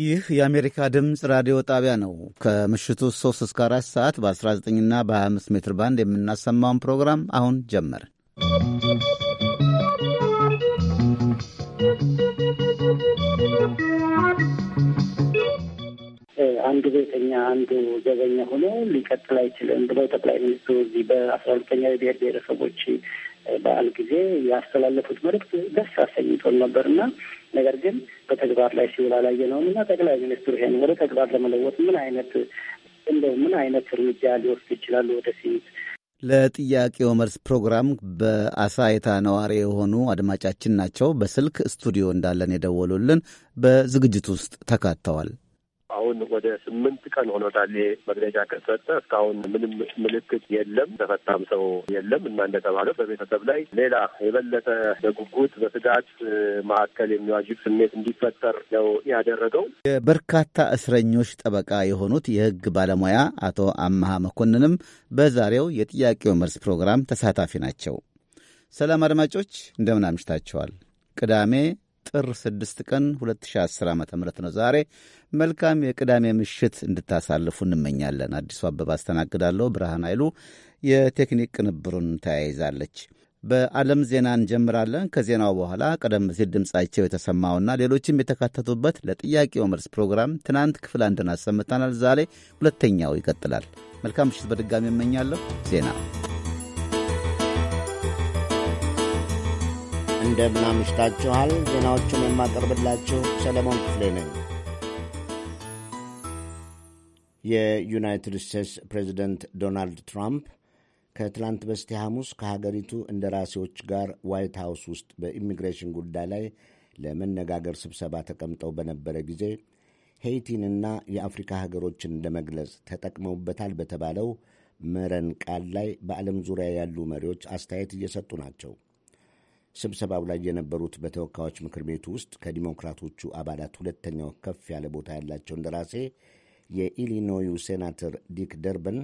ይህ የአሜሪካ ድምፅ ራዲዮ ጣቢያ ነው። ከምሽቱ 3 እስከ 4 ሰዓት በ19ና በ25 ሜትር ባንድ የምናሰማውን ፕሮግራም አሁን ጀመርን። አንዱ ቤተኛ አንዱ ዘበኛ ሆኖ ሊቀጥል አይችልም ብለው ጠቅላይ ሚኒስትሩ እዚህ በአስራ ሁለተኛ የብሔር ብሔረሰቦች በዓል ጊዜ ያስተላለፉት መልእክት ደስ አሰኝቶን ነበር እና ነገር ግን በተግባር ላይ ሲውል አላየነውም እና ጠቅላይ ሚኒስትሩ ይሄን ወደ ተግባር ለመለወጥ ምን አይነት እንደው ምን አይነት እርምጃ ሊወስዱ ይችላሉ ወደፊት? ለጥያቄው መልስ ፕሮግራም በአሳይታ ነዋሪ የሆኑ አድማጫችን ናቸው። በስልክ ስቱዲዮ እንዳለን የደወሉልን በዝግጅት ውስጥ ተካተዋል። አሁን ወደ ስምንት ቀን ሆኖታል መግለጫ ከተሰጠ እስካሁን ምንም ምልክት የለም። ተፈታም ሰው የለም እና እንደተባለው በቤተሰብ ላይ ሌላ የበለጠ በጉጉት በስጋት መካከል የሚዋዥቅ ስሜት እንዲፈጠር ነው ያደረገው። የበርካታ እስረኞች ጠበቃ የሆኑት የህግ ባለሙያ አቶ አመሃ መኮንንም በዛሬው የጥያቄው መልስ ፕሮግራም ተሳታፊ ናቸው። ሰላም አድማጮች፣ እንደምን አምሽታቸዋል። ቅዳሜ ጥር 6 ቀን 2010 ዓ ም ነው ዛሬ መልካም የቅዳሜ ምሽት እንድታሳልፉ እንመኛለን። አዲሱ አበባ አስተናግዳለሁ። ብርሃን ኃይሉ የቴክኒክ ቅንብሩን ተያይዛለች። በዓለም ዜና እንጀምራለን። ከዜናው በኋላ ቀደም ሲል ድምጻቸው የተሰማውና ሌሎችም የተካተቱበት ለጥያቄው መልስ ፕሮግራም ትናንት ክፍል አንድን አሰምተናል። ዛሬ ሁለተኛው ይቀጥላል። መልካም ምሽት በድጋሚ እመኛለሁ። ዜና እንደምናምሽታችኋል። ዜናዎቹን የማቀርብላችሁ ሰለሞን ክፍሌ ነኝ። የዩናይትድ ስቴትስ ፕሬዚደንት ዶናልድ ትራምፕ ከትላንት በስቲያ ሐሙስ ከሀገሪቱ እንደራሴዎች ጋር ዋይት ሀውስ ውስጥ በኢሚግሬሽን ጉዳይ ላይ ለመነጋገር ስብሰባ ተቀምጠው በነበረ ጊዜ ሄይቲንና የአፍሪካ ሀገሮችን ለመግለጽ ተጠቅመውበታል በተባለው መረን ቃል ላይ በዓለም ዙሪያ ያሉ መሪዎች አስተያየት እየሰጡ ናቸው። ስብሰባው ላይ የነበሩት በተወካዮች ምክር ቤቱ ውስጥ ከዲሞክራቶቹ አባላት ሁለተኛው ከፍ ያለ ቦታ ያላቸው እንደራሴ የኢሊኖዩ ሴናተር ዲክ ደርበን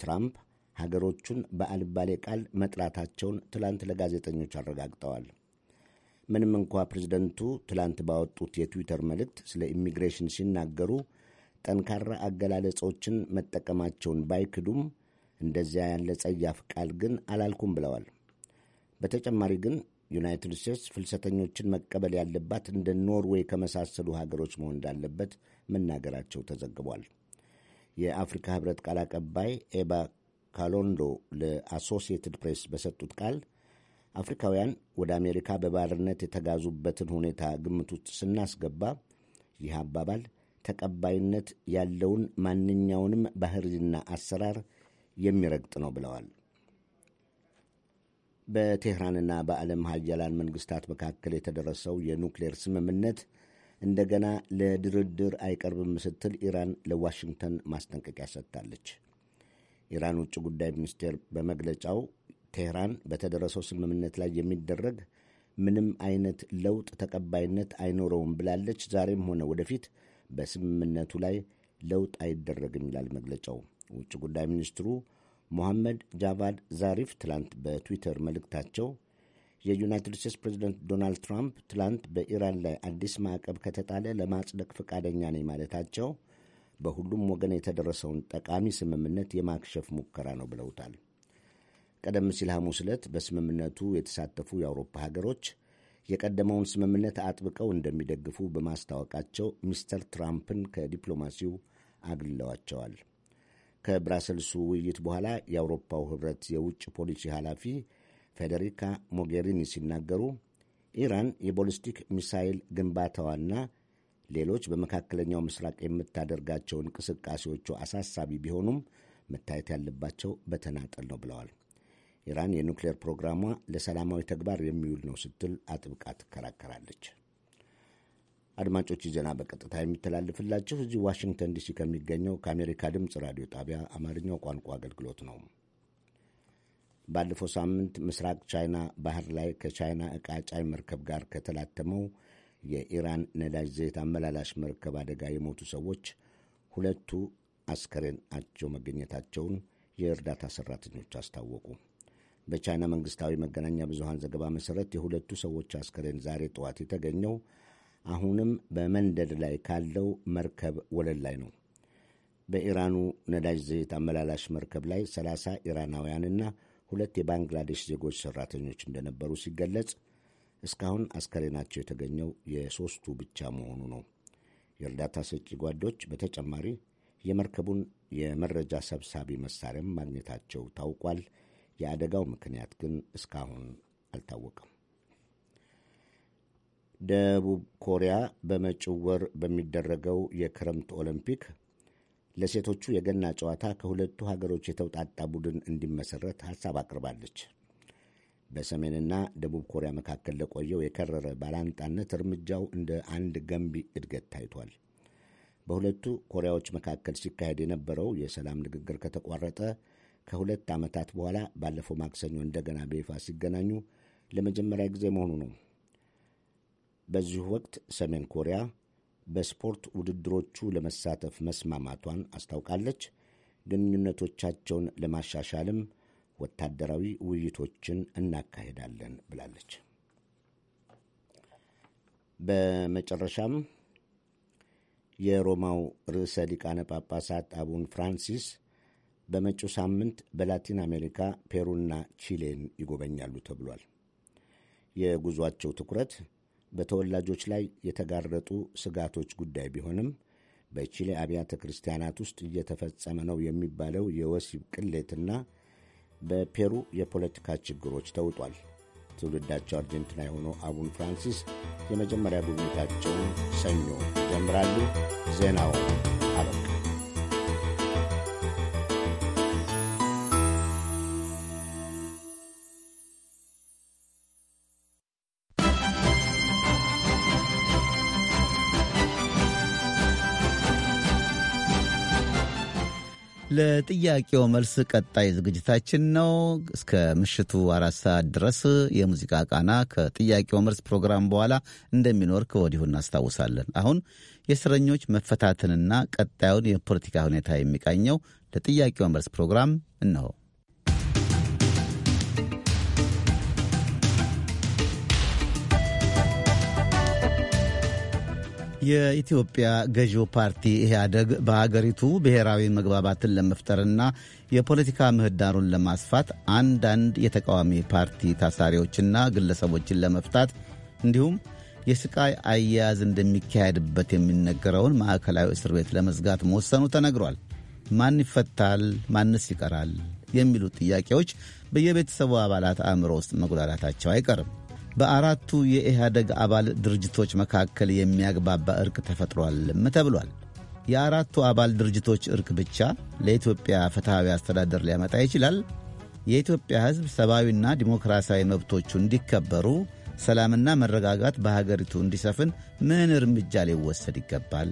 ትራምፕ ሀገሮቹን በአልባሌ ቃል መጥራታቸውን ትላንት ለጋዜጠኞች አረጋግጠዋል። ምንም እንኳ ፕሬዝደንቱ ትላንት ባወጡት የትዊተር መልእክት ስለ ኢሚግሬሽን ሲናገሩ ጠንካራ አገላለጾችን መጠቀማቸውን ባይክዱም እንደዚያ ያለ ጸያፍ ቃል ግን አላልኩም ብለዋል። በተጨማሪ ግን ዩናይትድ ስቴትስ ፍልሰተኞችን መቀበል ያለባት እንደ ኖርዌይ ከመሳሰሉ ሀገሮች መሆን እንዳለበት መናገራቸው ተዘግቧል። የአፍሪካ ህብረት ቃል አቀባይ ኤባ ካሎንዶ ለአሶሲየትድ ፕሬስ በሰጡት ቃል አፍሪካውያን ወደ አሜሪካ በባርነት የተጋዙበትን ሁኔታ ግምት ውስጥ ስናስገባ ይህ አባባል ተቀባይነት ያለውን ማንኛውንም ባህሪና አሰራር የሚረግጥ ነው ብለዋል። በቴህራንና በዓለም ሀያላን መንግስታት መካከል የተደረሰው የኑክሌር ስምምነት እንደገና ለድርድር አይቀርብም ስትል ኢራን ለዋሽንግተን ማስጠንቀቂያ ሰጥታለች። ኢራን ውጭ ጉዳይ ሚኒስቴር በመግለጫው ቴህራን በተደረሰው ስምምነት ላይ የሚደረግ ምንም አይነት ለውጥ ተቀባይነት አይኖረውም ብላለች። ዛሬም ሆነ ወደፊት በስምምነቱ ላይ ለውጥ አይደረግም ይላል መግለጫው። ውጭ ጉዳይ ሚኒስትሩ ሞሐመድ ጃቫድ ዛሪፍ ትላንት በትዊተር መልእክታቸው የዩናይትድ ስቴትስ ፕሬዚደንት ዶናልድ ትራምፕ ትላንት በኢራን ላይ አዲስ ማዕቀብ ከተጣለ ለማጽደቅ ፈቃደኛ ነኝ ማለታቸው በሁሉም ወገን የተደረሰውን ጠቃሚ ስምምነት የማክሸፍ ሙከራ ነው ብለውታል። ቀደም ሲል ሐሙስ ዕለት በስምምነቱ የተሳተፉ የአውሮፓ ሀገሮች የቀደመውን ስምምነት አጥብቀው እንደሚደግፉ በማስታወቃቸው ሚስተር ትራምፕን ከዲፕሎማሲው አግልለዋቸዋል። ከብራሰልሱ ውይይት በኋላ የአውሮፓው ኅብረት የውጭ ፖሊሲ ኃላፊ ፌዴሪካ ሞጌሪኒ ሲናገሩ ኢራን የቦሊስቲክ ሚሳይል ግንባታዋና ሌሎች በመካከለኛው ምስራቅ የምታደርጋቸው እንቅስቃሴዎቹ አሳሳቢ ቢሆኑም መታየት ያለባቸው በተናጠል ነው ብለዋል። ኢራን የኑክሌር ፕሮግራሟ ለሰላማዊ ተግባር የሚውል ነው ስትል አጥብቃ ትከራከራለች። አድማጮች፣ ዜና በቀጥታ የሚተላልፍላችሁ እዚህ ዋሽንግተን ዲሲ ከሚገኘው ከአሜሪካ ድምፅ ራዲዮ ጣቢያ አማርኛው ቋንቋ አገልግሎት ነው። ባለፈው ሳምንት ምስራቅ ቻይና ባህር ላይ ከቻይና ዕቃ ጫኝ መርከብ ጋር ከተላተመው የኢራን ነዳጅ ዘይት አመላላሽ መርከብ አደጋ የሞቱ ሰዎች ሁለቱ አስከሬናቸው መገኘታቸውን የእርዳታ ሠራተኞች አስታወቁ። በቻይና መንግሥታዊ መገናኛ ብዙሃን ዘገባ መሠረት የሁለቱ ሰዎች አስከሬን ዛሬ ጠዋት የተገኘው አሁንም በመንደድ ላይ ካለው መርከብ ወለል ላይ ነው። በኢራኑ ነዳጅ ዘይት አመላላሽ መርከብ ላይ ሰላሳ ኢራናውያንና ሁለት የባንግላዴሽ ዜጎች ሰራተኞች እንደነበሩ ሲገለጽ እስካሁን አስከሬናቸው የተገኘው የሦስቱ ብቻ መሆኑ ነው። የእርዳታ ሰጪ ጓዶች በተጨማሪ የመርከቡን የመረጃ ሰብሳቢ መሳሪያም ማግኘታቸው ታውቋል። የአደጋው ምክንያት ግን እስካሁን አልታወቀም። ደቡብ ኮሪያ በመጭው ወር በሚደረገው የክረምት ኦሎምፒክ ለሴቶቹ የገና ጨዋታ ከሁለቱ ሀገሮች የተውጣጣ ቡድን እንዲመሰረት ሐሳብ አቅርባለች። በሰሜንና ደቡብ ኮሪያ መካከል ለቆየው የከረረ ባላንጣነት እርምጃው እንደ አንድ ገንቢ እድገት ታይቷል። በሁለቱ ኮሪያዎች መካከል ሲካሄድ የነበረው የሰላም ንግግር ከተቋረጠ ከሁለት ዓመታት በኋላ ባለፈው ማክሰኞ እንደገና በይፋ ሲገናኙ ለመጀመሪያ ጊዜ መሆኑ ነው። በዚሁ ወቅት ሰሜን ኮሪያ በስፖርት ውድድሮቹ ለመሳተፍ መስማማቷን አስታውቃለች። ግንኙነቶቻቸውን ለማሻሻልም ወታደራዊ ውይይቶችን እናካሄዳለን ብላለች። በመጨረሻም የሮማው ርዕሰ ሊቃነ ጳጳሳት አቡን ፍራንሲስ በመጪው ሳምንት በላቲን አሜሪካ ፔሩና ቺሌን ይጎበኛሉ ተብሏል። የጉዟቸው ትኩረት በተወላጆች ላይ የተጋረጡ ስጋቶች ጉዳይ ቢሆንም በቺሌ አብያተ ክርስቲያናት ውስጥ እየተፈጸመ ነው የሚባለው የወሲብ ቅሌትና በፔሩ የፖለቲካ ችግሮች ተውጧል። ትውልዳቸው አርጀንቲና የሆነው አቡን ፍራንሲስ የመጀመሪያ ጉብኝታቸውን ሰኞ ይጀምራሉ። ዜናው ለጥያቄው መልስ ቀጣይ ዝግጅታችን ነው። እስከ ምሽቱ አራት ሰዓት ድረስ የሙዚቃ ቃና ከጥያቄው መልስ ፕሮግራም በኋላ እንደሚኖር ከወዲሁ እናስታውሳለን። አሁን የእስረኞች መፈታትንና ቀጣዩን የፖለቲካ ሁኔታ የሚቃኘው ለጥያቄው መልስ ፕሮግራም እነሆ። የኢትዮጵያ ገዢው ፓርቲ ኢህአደግ በሀገሪቱ ብሔራዊ መግባባትን ለመፍጠርና የፖለቲካ ምህዳሩን ለማስፋት አንዳንድ የተቃዋሚ ፓርቲ ታሳሪዎችና ግለሰቦችን ለመፍታት እንዲሁም የስቃይ አያያዝ እንደሚካሄድበት የሚነገረውን ማዕከላዊ እስር ቤት ለመዝጋት መወሰኑ ተነግሯል። ማን ይፈታል? ማንስ ይቀራል? የሚሉት ጥያቄዎች በየቤተሰቡ አባላት አእምሮ ውስጥ መጉላላታቸው አይቀርም። በአራቱ የኢህአደግ አባል ድርጅቶች መካከል የሚያግባባ እርቅ ተፈጥሯልም ተብሏል። የአራቱ አባል ድርጅቶች እርቅ ብቻ ለኢትዮጵያ ፍትሐዊ አስተዳደር ሊያመጣ ይችላል። የኢትዮጵያ ሕዝብ ሰብአዊና ዲሞክራሲያዊ መብቶቹ እንዲከበሩ፣ ሰላምና መረጋጋት በሀገሪቱ እንዲሰፍን ምን እርምጃ ሊወሰድ ይገባል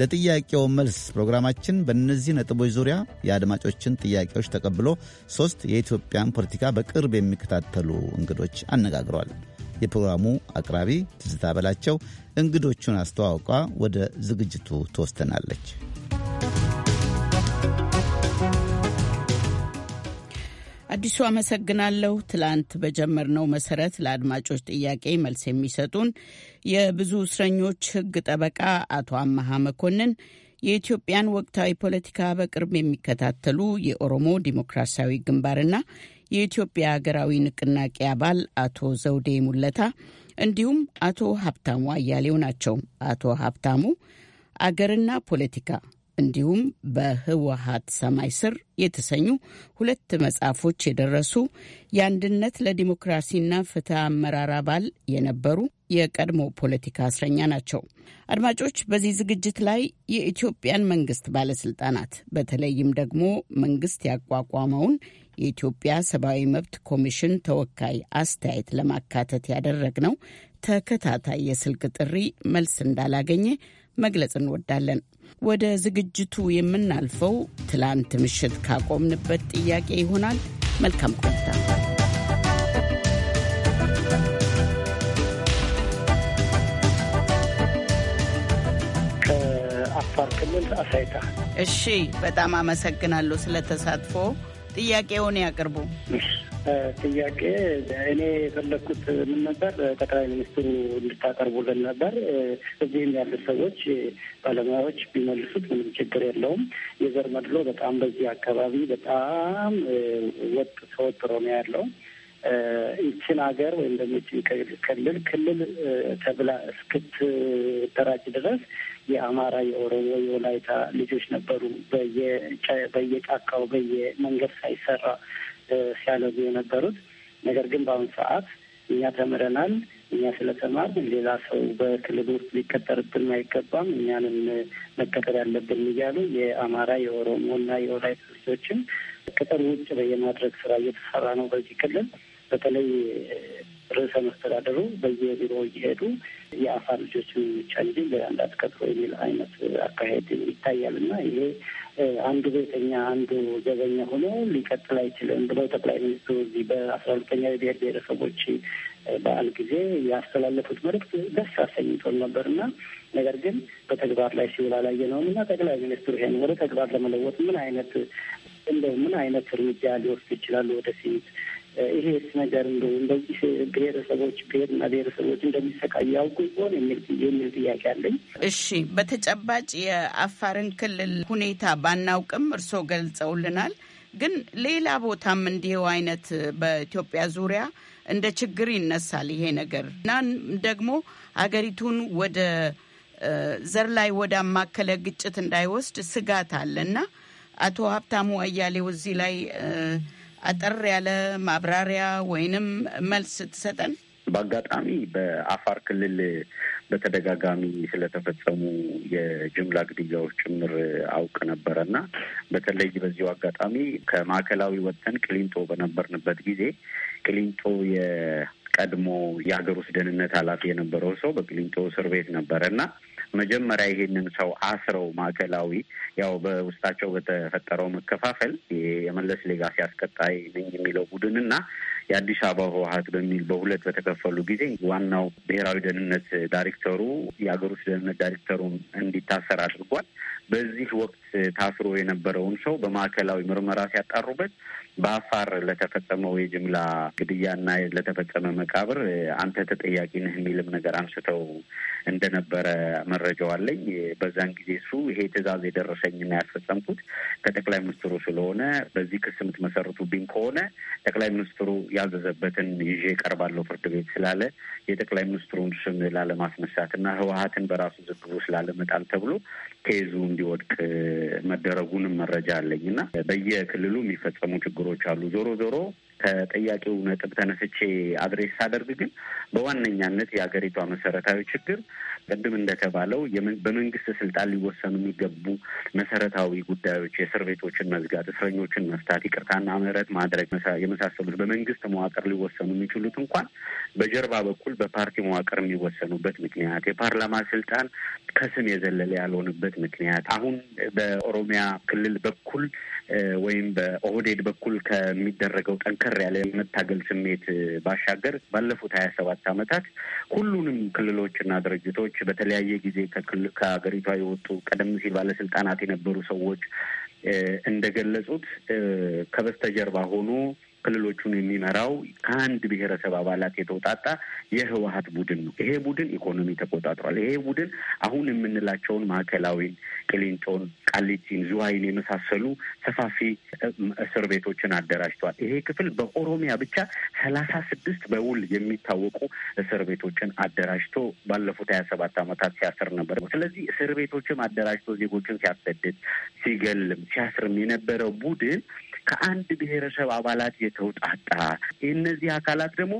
ለጥያቄው መልስ ፕሮግራማችን በእነዚህ ነጥቦች ዙሪያ የአድማጮችን ጥያቄዎች ተቀብሎ ሦስት የኢትዮጵያን ፖለቲካ በቅርብ የሚከታተሉ እንግዶች አነጋግሯል። የፕሮግራሙ አቅራቢ ትዝታ በላቸው እንግዶቹን አስተዋውቋ ወደ ዝግጅቱ ትወስደናለች። አዲሱ አመሰግናለሁ። ትላንት በጀመርነው መሰረት ለአድማጮች ጥያቄ መልስ የሚሰጡን የብዙ እስረኞች ሕግ ጠበቃ አቶ አመሃ መኮንን፣ የኢትዮጵያን ወቅታዊ ፖለቲካ በቅርብ የሚከታተሉ የኦሮሞ ዲሞክራሲያዊ ግንባርና የኢትዮጵያ ሀገራዊ ንቅናቄ አባል አቶ ዘውዴ ሙለታ እንዲሁም አቶ ሀብታሙ አያሌው ናቸው። አቶ ሀብታሙ አገርና ፖለቲካ እንዲሁም በህወሀት ሰማይ ስር የተሰኙ ሁለት መጽሐፎች የደረሱ የአንድነት ለዲሞክራሲና ፍትህ አመራር አባል የነበሩ የቀድሞ ፖለቲካ እስረኛ ናቸው። አድማጮች፣ በዚህ ዝግጅት ላይ የኢትዮጵያን መንግስት ባለስልጣናት በተለይም ደግሞ መንግስት ያቋቋመውን የኢትዮጵያ ሰብአዊ መብት ኮሚሽን ተወካይ አስተያየት ለማካተት ያደረግነው ተከታታይ የስልክ ጥሪ መልስ እንዳላገኘ መግለጽ እንወዳለን። ወደ ዝግጅቱ የምናልፈው ትላንት ምሽት ካቆምንበት ጥያቄ ይሆናል። መልካም ቆይታ። ከአፋር ክልል አሳይታ። እሺ፣ በጣም አመሰግናለሁ ስለተሳትፎ። ጥያቄውን ያቅርቡ። ጥያቄ እኔ የፈለግኩት ምን ነበር፣ ጠቅላይ ሚኒስትሩ እንድታቀርቡልን ነበር። እዚህም ያሉ ሰዎች ባለሙያዎች ቢመልሱት ምንም ችግር የለውም። የዘር መድሎ በጣም በዚህ አካባቢ በጣም ወጥ ተወጥሮ ነው ያለው። ይችን ሀገር ወይም ደግሞ ክልል ክልል ተብላ እስክትደራጅ ድረስ የአማራ፣ የኦሮሞ፣ የወላይታ ልጆች ነበሩ በየጫካው በየመንገድ ሳይሰራ ሲያለጉ የነበሩት። ነገር ግን በአሁኑ ሰዓት እኛ ተምረናል፣ እኛ ስለተማርን ሌላ ሰው በክልል ውስጥ ሊቀጠርብን አይገባም፣ እኛንም መቀጠር ያለብን እያሉ የአማራ የኦሮሞ እና የወላይታ ልጆችን ቅጥር ውጭ የማድረግ ስራ እየተሰራ ነው በዚህ ክልል በተለይ ርዕሰ መስተዳደሩ በየቢሮ እየሄዱ የአፋር ልጆችን ብቻ እንጂ ሌላ እንዳትቀጥሮ የሚል አይነት አካሄድ ይታያል እና ይሄ አንዱ ቤተኛ አንዱ ዘበኛ ሆኖ ሊቀጥል አይችልም ብለው ጠቅላይ ሚኒስትሩ እዚህ በአስራ ሁለተኛ የብሔር ብሔረሰቦች በዓል ጊዜ ያስተላለፉት መልእክት ደስ አሰኝቶን ነበር እና ነገር ግን በተግባር ላይ ሲውል አላየነውም እና ጠቅላይ ሚኒስትሩ ይሄን ወደ ተግባር ለመለወጥ ምን አይነት እንደው ምን አይነት እርምጃ ሊወስዱ ይችላሉ ወደፊት ይሄስ ነገር እንደ እንደዚህ ብሔረሰቦች ብሔርና ብሔረሰቦች እንደሚሰቃዩ ያውቁ ይሆን የሚል ጥያቄ አለኝ። እሺ፣ በተጨባጭ የአፋርን ክልል ሁኔታ ባናውቅም እርስዎ ገልጸውልናል። ግን ሌላ ቦታም እንዲሁ አይነት በኢትዮጵያ ዙሪያ እንደ ችግር ይነሳል ይሄ ነገር እና ደግሞ ሀገሪቱን ወደ ዘር ላይ ወደ አማከለ ግጭት እንዳይወስድ ስጋት አለ እና አቶ ሀብታሙ አያሌው እዚህ ላይ አጠር ያለ ማብራሪያ ወይንም መልስ ትሰጠን? በአጋጣሚ በአፋር ክልል በተደጋጋሚ ስለተፈጸሙ የጅምላ ግድያዎች ጭምር አውቅ ነበረና በተለይ በዚሁ አጋጣሚ ከማዕከላዊ ወጥተን ቅሊንጦ በነበርንበት ጊዜ ቅሊንጦ የቀድሞ የሀገር ውስጥ ደህንነት ኃላፊ የነበረው ሰው በቅሊንጦ እስር ቤት ነበረ እና መጀመሪያ ይሄንን ሰው አስረው ማዕከላዊ ያው በውስጣቸው በተፈጠረው መከፋፈል የመለስ ሌጋሲ አስቀጣይ ነኝ የሚለው ቡድን እና የአዲስ አበባ ህወሀት በሚል በሁለት በተከፈሉ ጊዜ ዋናው ብሔራዊ ደህንነት ዳይሬክተሩ የሀገር ውስጥ ደህንነት ዳይሬክተሩን እንዲታሰር አድርጓል። በዚህ ወቅት ታስሮ የነበረውን ሰው በማዕከላዊ ምርመራ ሲያጣሩበት በአፋር ለተፈጸመው የጅምላ ግድያና ለተፈጸመ መቃብር አንተ ተጠያቂ ነህ የሚልም ነገር አንስተው እንደነበረ መረጃው አለኝ። በዛን ጊዜ እሱ ይሄ ትዕዛዝ የደረሰኝና ያስፈጸምኩት ከጠቅላይ ሚኒስትሩ ስለሆነ በዚህ ክስ የምትመሰርቱብኝ ከሆነ ጠቅላይ ሚኒስትሩ ያዘዘበትን ይዤ እቀርባለሁ ፍርድ ቤት ስላለ የጠቅላይ ሚኒስትሩን ስም ላለማስነሳት ህወሀትን በራሱ ዝግቡ ስላለመጣል ተብሎ ኬዙ እንዲወድቅ መደረጉንም መረጃ አለኝ እና በየክልሉ የሚፈጸሙ ችግሮች አሉ። ዞሮ ዞሮ ከጠያቂው ነጥብ ተነስቼ አድሬስ ሳደርግ ግን በዋነኛነት የሀገሪቷ መሰረታዊ ችግር ቅድም እንደተባለው በመንግስት ስልጣን ሊወሰኑ የሚገቡ መሰረታዊ ጉዳዮች፣ የእስር ቤቶችን መዝጋት፣ እስረኞችን መፍታት፣ ይቅርታና ምህረት ማድረግ የመሳሰሉት በመንግስት መዋቅር ሊወሰኑ የሚችሉት እንኳን በጀርባ በኩል በፓርቲ መዋቅር የሚወሰኑበት ምክንያት፣ የፓርላማ ስልጣን ከስም የዘለለ ያልሆነበት ምክንያት አሁን በኦሮሚያ ክልል በኩል ወይም በኦህዴድ በኩል ከሚደረገው ጠንከር ያለ መታገል ስሜት ባሻገር ባለፉት ሀያ ሰባት አመታት ሁሉንም ክልሎችና ድርጅቶች በተለያየ ጊዜ ከሀገሪቷ የወጡ ቀደም ሲል ባለስልጣናት የነበሩ ሰዎች እንደገለጹት ከበስተጀርባ ሆኖ ክልሎቹን የሚመራው ከአንድ ብሔረሰብ አባላት የተውጣጣ የህወሀት ቡድን ነው። ይሄ ቡድን ኢኮኖሚ ተቆጣጥሯል። ይሄ ቡድን አሁን የምንላቸውን ማዕከላዊን፣ ቅሊንጦን፣ ቃሊቲን፣ ዝዋይን የመሳሰሉ ሰፋፊ እስር ቤቶችን አደራጅተዋል። ይሄ ክፍል በኦሮሚያ ብቻ ሰላሳ ስድስት በውል የሚታወቁ እስር ቤቶችን አደራጅቶ ባለፉት ሀያ ሰባት ዓመታት ሲያስር ነበር። ስለዚህ እስር ቤቶችም አደራጅቶ ዜጎችን ሲያሰድድ፣ ሲገልም፣ ሲያስርም የነበረው ቡድን ከአንድ ብሔረሰብ አባላት የተውጣጣ እነዚህ አካላት ደግሞ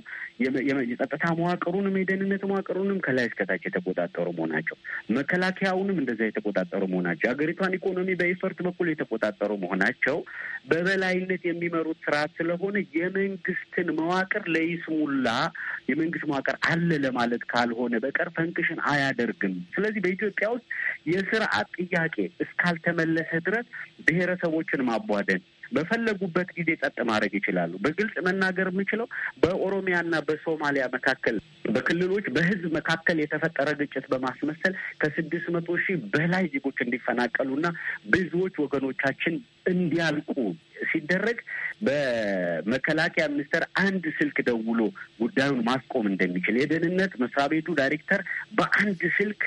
የጸጥታ መዋቅሩንም የደህንነት መዋቅሩንም ከላይ እስከታች የተቆጣጠሩ መሆናቸው፣ መከላከያውንም እንደዛ የተቆጣጠሩ መሆናቸው፣ ሀገሪቷን ኢኮኖሚ በኢፈርት በኩል የተቆጣጠሩ መሆናቸው በበላይነት የሚመሩት ስርዓት ስለሆነ የመንግስትን መዋቅር ለይስሙላ የመንግስት መዋቅር አለ ለማለት ካልሆነ በቀር ፈንክሽን አያደርግም። ስለዚህ በኢትዮጵያ ውስጥ የስርዓት ጥያቄ እስካልተመለሰ ድረስ ብሔረሰቦችን ማቧደን በፈለጉበት ጊዜ ጸጥ ማድረግ ይችላሉ። በግልጽ መናገር የምችለው በኦሮሚያና በሶማሊያ መካከል በክልሎች በህዝብ መካከል የተፈጠረ ግጭት በማስመሰል ከስድስት መቶ ሺህ በላይ ዜጎች እንዲፈናቀሉና ብዙዎች ወገኖቻችን እንዲያልቁ ሲደረግ በመከላከያ ሚኒስቴር አንድ ስልክ ደውሎ ጉዳዩን ማስቆም እንደሚችል የደህንነት መስሪያ ቤቱ ዳይሬክተር በአንድ ስልክ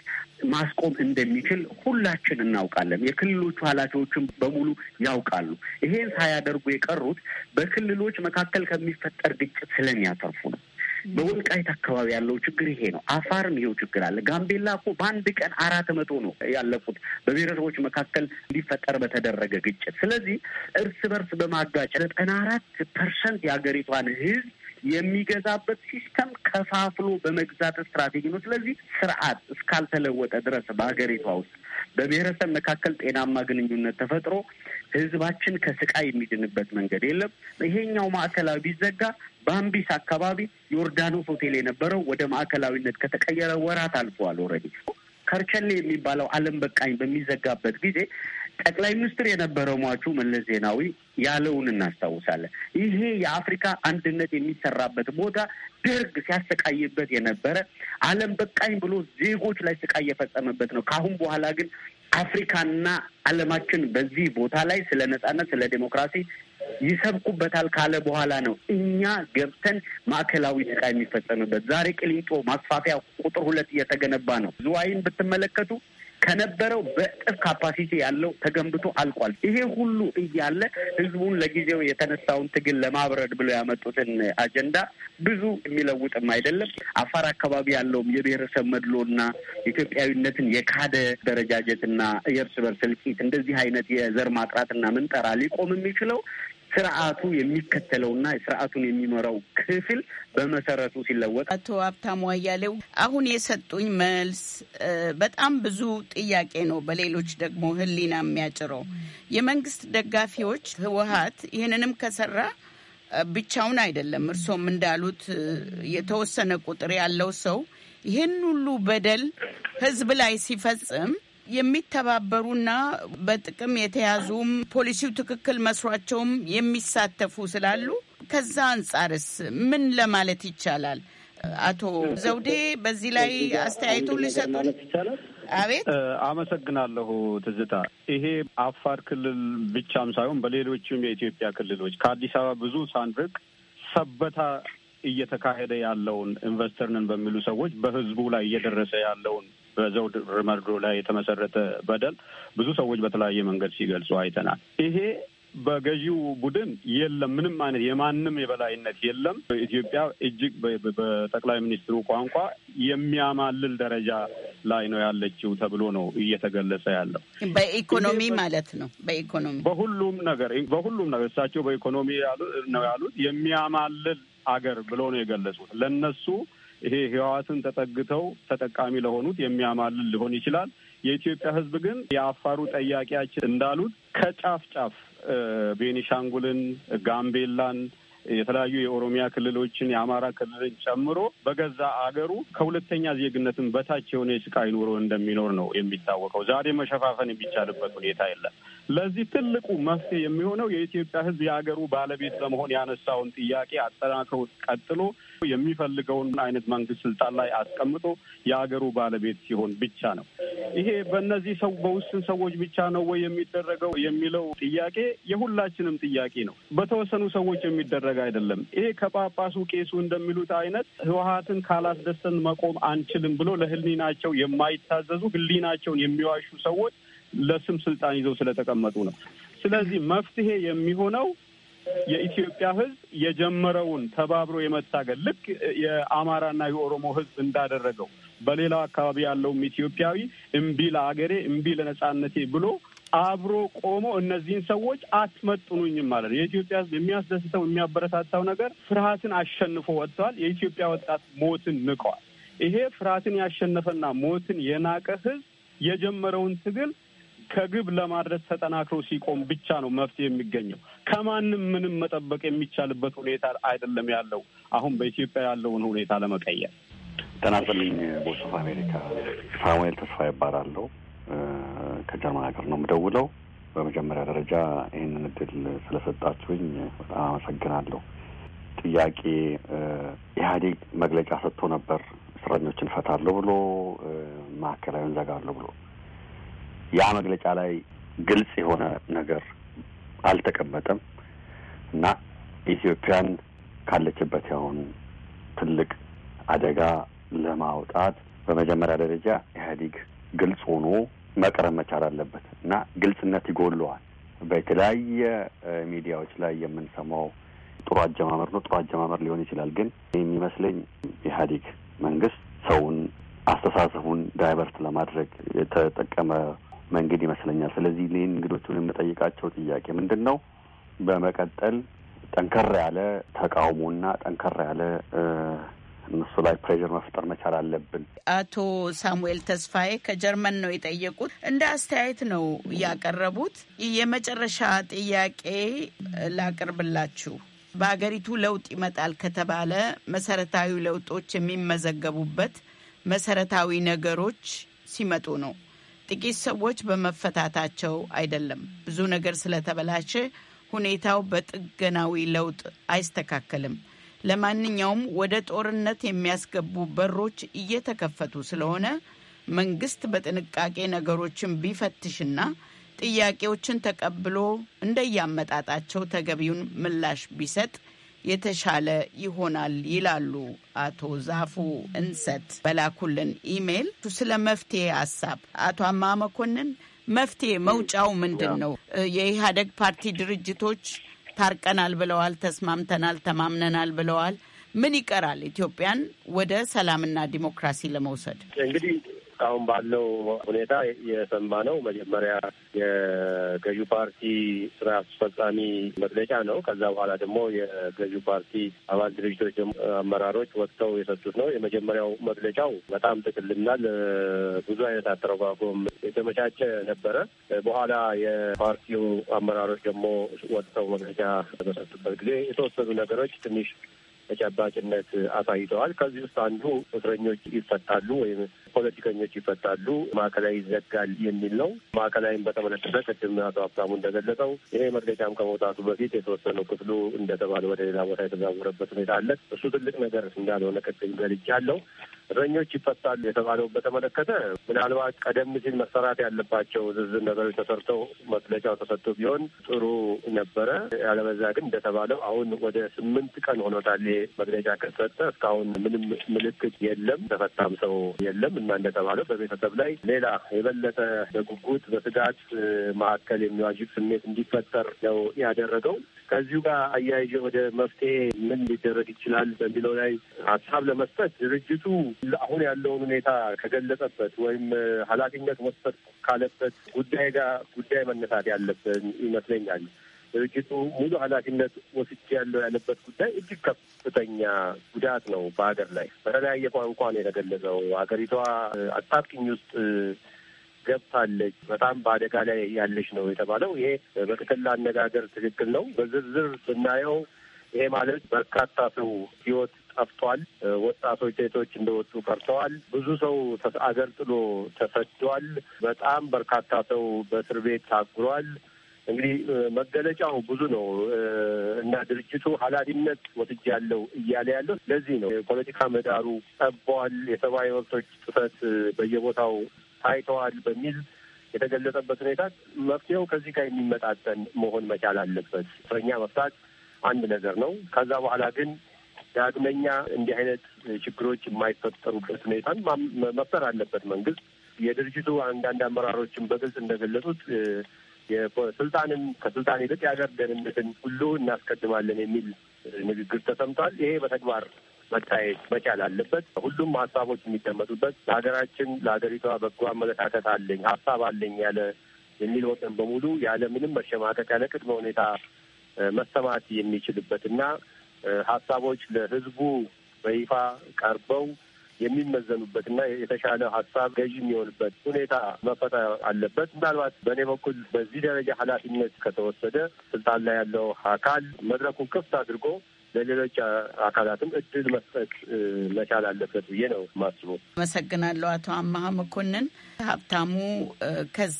ማስቆም እንደሚችል ሁላችን እናውቃለን። የክልሎቹ ኃላፊዎችን በሙሉ ያውቃሉ። ይሄን ሳያደርጉ የቀሩት በክልሎች መካከል ከሚፈጠር ግጭት ስለሚያተርፉ ነው። በወልቃይት አካባቢ ያለው ችግር ይሄ ነው። አፋርም ይሄው ችግር አለ። ጋምቤላ እኮ በአንድ ቀን አራት መቶ ነው ያለፉት በብሔረሰቦች መካከል እንዲፈጠር በተደረገ ግጭት። ስለዚህ እርስ በርስ በማጋጨት ዘጠና አራት ፐርሰንት የሀገሪቷን ህዝብ የሚገዛበት ሲስተም ከፋፍሎ በመግዛት ስትራቴጂ ነው። ስለዚህ ስርዓት እስካልተለወጠ ድረስ በሀገሪቷ ውስጥ በብሔረሰብ መካከል ጤናማ ግንኙነት ተፈጥሮ ህዝባችን ከስቃይ የሚድንበት መንገድ የለም። ይሄኛው ማዕከላዊ ቢዘጋ በአምቢስ አካባቢ ዮርዳኖስ ሆቴል የነበረው ወደ ማዕከላዊነት ከተቀየረ ወራት አልፈዋል። ኦልሬዲ ከርቸሌ የሚባለው አለም በቃኝ በሚዘጋበት ጊዜ ጠቅላይ ሚኒስትር የነበረው ሟቹ መለስ ዜናዊ ያለውን እናስታውሳለን። ይሄ የአፍሪካ አንድነት የሚሰራበት ቦታ ደርግ ሲያሰቃይበት የነበረ ዓለም በቃኝ ብሎ ዜጎች ላይ ስቃይ የፈጸመበት ነው። ከአሁን በኋላ ግን አፍሪካና ዓለማችን በዚህ ቦታ ላይ ስለ ነጻነት፣ ስለ ዴሞክራሲ ይሰብኩበታል ካለ በኋላ ነው እኛ ገብተን ማዕከላዊ ስቃይ የሚፈጸምበት። ዛሬ ቅሊንጦ ማስፋፊያ ቁጥር ሁለት እየተገነባ ነው። ዝዋይን ብትመለከቱ ከነበረው በእጥፍ ካፓሲቲ ያለው ተገንብቶ አልቋል። ይሄ ሁሉ እያለ ህዝቡን ለጊዜው የተነሳውን ትግል ለማብረድ ብለው ያመጡትን አጀንዳ ብዙ የሚለውጥም አይደለም። አፋር አካባቢ ያለውም የብሔረሰብ መድሎና ኢትዮጵያዊነትን የካደ ደረጃጀትና የእርስ በርስ እልቂት እንደዚህ አይነት የዘር ማጥራትና ምንጠራ ሊቆም የሚችለው ስርዓቱ የሚከተለውና ስርዓቱን የሚመራው ክፍል በመሰረቱ ሲለወጥ። አቶ ሀብታሙ አያሌው አሁን የሰጡኝ መልስ በጣም ብዙ ጥያቄ ነው፣ በሌሎች ደግሞ ህሊና የሚያጭረው የመንግስት ደጋፊዎች ህወሀት ይህንንም ከሰራ ብቻውን አይደለም፣ እርሶም እንዳሉት የተወሰነ ቁጥር ያለው ሰው ይህን ሁሉ በደል ህዝብ ላይ ሲፈጽም የሚተባበሩና በጥቅም የተያዙም ፖሊሲው ትክክል መስሯቸውም የሚሳተፉ ስላሉ ከዛ አንጻርስ ምን ለማለት ይቻላል? አቶ ዘውዴ በዚህ ላይ አስተያየቱ ሊሰጡ አቤት አመሰግናለሁ ትዝታ። ይሄ አፋር ክልል ብቻም ሳይሆን በሌሎችም የኢትዮጵያ ክልሎች ከአዲስ አበባ ብዙ ሳንርቅ ሰበታ እየተካሄደ ያለውን ኢንቨስተርንን በሚሉ ሰዎች በህዝቡ ላይ እየደረሰ ያለውን በዘውድ መርዶ ላይ የተመሰረተ በደል ብዙ ሰዎች በተለያየ መንገድ ሲገልጹ አይተናል። ይሄ በገዢው ቡድን የለም። ምንም አይነት የማንም የበላይነት የለም። ኢትዮጵያ እጅግ በጠቅላይ ሚኒስትሩ ቋንቋ የሚያማልል ደረጃ ላይ ነው ያለችው ተብሎ ነው እየተገለጸ ያለው። በኢኮኖሚ ማለት ነው። በኢኮኖሚ በሁሉም ነገር በሁሉም ነገር እሳቸው በኢኮኖሚ ነው ያሉት። የሚያማልል አገር ብሎ ነው የገለጹት ለነሱ ይሄ ህወሓትን ተጠግተው ተጠቃሚ ለሆኑት የሚያማልል ሊሆን ይችላል። የኢትዮጵያ ህዝብ ግን የአፋሩ ጠያቂያችን እንዳሉት ከጫፍ ጫፍ ቤኒሻንጉልን፣ ጋምቤላን የተለያዩ የኦሮሚያ ክልሎችን የአማራ ክልልን ጨምሮ በገዛ አገሩ ከሁለተኛ ዜግነትን በታች የሆነ የስቃይ ኑሮ እንደሚኖር ነው የሚታወቀው። ዛሬ መሸፋፈን የሚቻልበት ሁኔታ የለም። ለዚህ ትልቁ መፍትሄ የሚሆነው የኢትዮጵያ ህዝብ የአገሩ ባለቤት ለመሆን ያነሳውን ጥያቄ አጠናክሮ ቀጥሎ የሚፈልገውን አይነት መንግስት ስልጣን ላይ አስቀምጦ የሀገሩ ባለቤት ሲሆን ብቻ ነው። ይሄ በእነዚህ ሰው በውስን ሰዎች ብቻ ነው ወይ የሚደረገው የሚለው ጥያቄ የሁላችንም ጥያቄ ነው። በተወሰኑ ሰዎች የሚደረግ አይደለም። ይሄ ከጳጳሱ ቄሱ እንደሚሉት አይነት ህወሀትን ካላስደሰን መቆም አንችልም ብሎ ለህሊናቸው የማይታዘዙ ህሊናቸውን የሚዋሹ ሰዎች ለስም ስልጣን ይዘው ስለተቀመጡ ነው። ስለዚህ መፍትሄ የሚሆነው የኢትዮጵያ ህዝብ የጀመረውን ተባብሮ የመታገል ልክ የአማራና የኦሮሞ ህዝብ እንዳደረገው በሌላው አካባቢ ያለውም ኢትዮጵያዊ እምቢ ለአገሬ እምቢ ለነጻነቴ ብሎ አብሮ ቆሞ እነዚህን ሰዎች አትመጥኑኝም ማለት ነው። የኢትዮጵያ ህዝብ የሚያስደስተው የሚያበረታታው ነገር ፍርሃትን አሸንፎ ወጥተዋል። የኢትዮጵያ ወጣት ሞትን ንቀዋል። ይሄ ፍርሃትን ያሸነፈና ሞትን የናቀ ህዝብ የጀመረውን ትግል ከግብ ለማድረስ ተጠናክሮ ሲቆም ብቻ ነው መፍትሄ የሚገኘው። ከማንም ምንም መጠበቅ የሚቻልበት ሁኔታ አይደለም ያለው አሁን በኢትዮጵያ ያለውን ሁኔታ ለመቀየር። ተናፈልኝ ቦይስ ኦፍ አሜሪካ ሳሙኤል ተስፋ ይባላለሁ። ከጀርመን ሀገር ነው የምደውለው። በመጀመሪያ ደረጃ ይህንን እድል ስለሰጣችሁኝ በጣም አመሰግናለሁ። ጥያቄ ኢህአዴግ መግለጫ ሰጥቶ ነበር እስረኞችን ፈታለሁ ብሎ ማዕከላዊ እንዘጋለሁ ብሎ ያ መግለጫ ላይ ግልጽ የሆነ ነገር አልተቀመጠም እና ኢትዮጵያን ካለችበት ያሁን ትልቅ አደጋ ለማውጣት በመጀመሪያ ደረጃ ኢህአዲግ ግልጽ ሆኖ መቅረብ መቻል አለበት እና ግልጽነት ይጎለዋል። በተለያየ ሚዲያዎች ላይ የምንሰማው ጥሩ አጀማመር ነው። ጥሩ አጀማመር ሊሆን ይችላል፣ ግን የሚመስለኝ ኢህአዲግ መንግስት ሰውን አስተሳሰቡን ዳይቨርት ለማድረግ የተጠቀመ መንገድ ይመስለኛል። ስለዚህ እኔን እንግዶቹን የምጠይቃቸው ጥያቄ ምንድን ነው? በመቀጠል ጠንከር ያለ ተቃውሞና ጠንከር ያለ እነሱ ላይ ፕሬዥር መፍጠር መቻል አለብን። አቶ ሳሙኤል ተስፋዬ ከጀርመን ነው የጠየቁት። እንደ አስተያየት ነው ያቀረቡት። የመጨረሻ ጥያቄ ላቅርብላችሁ። በሀገሪቱ ለውጥ ይመጣል ከተባለ መሰረታዊ ለውጦች የሚመዘገቡበት መሰረታዊ ነገሮች ሲመጡ ነው። ጥቂት ሰዎች በመፈታታቸው አይደለም። ብዙ ነገር ስለተበላሸ ሁኔታው በጥገናዊ ለውጥ አይስተካከልም። ለማንኛውም ወደ ጦርነት የሚያስገቡ በሮች እየተከፈቱ ስለሆነ መንግስት በጥንቃቄ ነገሮችን ቢፈትሽና ጥያቄዎችን ተቀብሎ እንደያመጣጣቸው ተገቢውን ምላሽ ቢሰጥ የተሻለ ይሆናል ይላሉ አቶ ዛፉ እንሰት በላኩልን ኢሜይል ስለ መፍትሄ ሀሳብ አቶ አማ መኮንን መፍትሄ መውጫው ምንድን ነው? የኢህአዴግ ፓርቲ ድርጅቶች ታርቀናል ብለዋል፣ ተስማምተናል፣ ተማምነናል ብለዋል። ምን ይቀራል ኢትዮጵያን ወደ ሰላምና ዲሞክራሲ ለመውሰድ? እንግዲህ እስካሁን ባለው ሁኔታ የሰማ ነው መጀመሪያ የገዢ ፓርቲ ስራ አስፈጻሚ መግለጫ ነው። ከዛ በኋላ ደግሞ የገዢ ፓርቲ አባል ድርጅቶች አመራሮች ወጥተው የሰጡት ነው። የመጀመሪያው መግለጫው በጣም ጥቅልና ብዙ አይነት አተረጓጎም የተመቻቸ ነበረ። በኋላ የፓርቲው አመራሮች ደግሞ ወጥተው መግለጫ በሰጡበት ጊዜ የተወሰኑ ነገሮች ትንሽ ተጨባጭነት አሳይተዋል። ከዚህ ውስጥ አንዱ እስረኞች ይፈታሉ ወይም ፖለቲከኞች ይፈታሉ፣ ማዕከላዊ ይዘጋል የሚል ነው። ማዕከላዊን በተመለከተ ቅድም አቶ ሀብታሙ እንደገለጸው ይሄ መግለጫም ከመውጣቱ በፊት የተወሰነው ክፍሉ እንደተባለ ወደ ሌላ ቦታ የተዛወረበት ሁኔታ አለ። እሱ ትልቅ ነገር እንዳልሆነ ቅድም ገልጫለሁ። እረኞች ይፈታሉ የተባለው በተመለከተ ምናልባት ቀደም ሲል መሰራት ያለባቸው ዝርዝር ነገሮች ተሰርተው መግለጫው ተሰጥቶ ቢሆን ጥሩ ነበረ። ያለበዛ ግን እንደተባለው አሁን ወደ ስምንት ቀን ሆኖታል መግለጫ ከተሰጠ እስካሁን ምንም ምልክት የለም፣ ተፈታም ሰው የለም እና እንደተባለው በቤተሰብ ላይ ሌላ የበለጠ በጉጉት በስጋት መካከል የሚዋዥቅ ስሜት እንዲፈጠር ነው ያደረገው። ከዚሁ ጋር አያይዤ ወደ መፍትሄ ምን ሊደረግ ይችላል በሚለው ላይ ሀሳብ ለመስጠት ድርጅቱ አሁን ያለውን ሁኔታ ከገለጸበት ወይም ኃላፊነት ወሰድ ካለበት ጉዳይ ጋር ጉዳይ መነሳት ያለብን ይመስለኛል። ድርጅቱ ሙሉ ኃላፊነት ወስጅ ያለው ያለበት ጉዳይ እጅግ ከፍተኛ ጉዳት ነው በሀገር ላይ በተለያየ ቋንቋ ነው የተገለጸው። ሀገሪቷ አጣብቂኝ ውስጥ ገብታለች፣ በጣም በአደጋ ላይ ያለች ነው የተባለው። ይሄ በቅጥል አነጋገር ትክክል ነው። በዝርዝር ስናየው ይሄ ማለት በርካታ ሰው ህይወት ጠፍቷል። ወጣቶች ሴቶች እንደወጡ ቀርተዋል። ብዙ ሰው አገር ጥሎ ተሰዷል። በጣም በርካታ ሰው በእስር ቤት ታጉሯል። እንግዲህ መገለጫው ብዙ ነው እና ድርጅቱ ኃላፊነት ወስጃለሁ እያለ ያለው ለዚህ ነው። የፖለቲካ ምህዳሩ ጠቧል፣ የሰብአዊ መብቶች ጥሰት በየቦታው ታይተዋል በሚል የተገለጸበት ሁኔታ መፍትሄው ከዚህ ጋር የሚመጣጠን መሆን መቻል አለበት። እስረኛ መፍታት አንድ ነገር ነው። ከዛ በኋላ ግን ዳግመኛ እንዲህ አይነት ችግሮች የማይፈጠሩበት ሁኔታን መፍጠር አለበት መንግስት። የድርጅቱ አንዳንድ አመራሮችን በግልጽ እንደገለጹት የስልጣንን ከስልጣን ይልቅ የሀገር ደህንነትን ሁሉ እናስቀድማለን የሚል ንግግር ተሰምቷል። ይሄ በተግባር መታየት መቻል አለበት። ሁሉም ሀሳቦች የሚደመጡበት ለሀገራችን ለሀገሪቷ በጎ አመለካከት አለኝ ሀሳብ አለኝ ያለ የሚል ወገን በሙሉ ያለ ምንም መሸማቀቅ ያለ ቅድመ ሁኔታ መሰማት የሚችልበት እና ሀሳቦች ለህዝቡ በይፋ ቀርበው የሚመዘኑበትና የተሻለ ሀሳብ ገዥ የሚሆንበት ሁኔታ መፈጠር አለበት። ምናልባት በእኔ በኩል በዚህ ደረጃ ኃላፊነት ከተወሰደ ስልጣን ላይ ያለው አካል መድረኩን ክፍት አድርጎ ለሌሎች አካላትም እድል መስጠት መቻል አለበት ብዬ ነው የማስበው። አመሰግናለሁ። አቶ አማሀ መኮንን ሀብታሙ ከዝ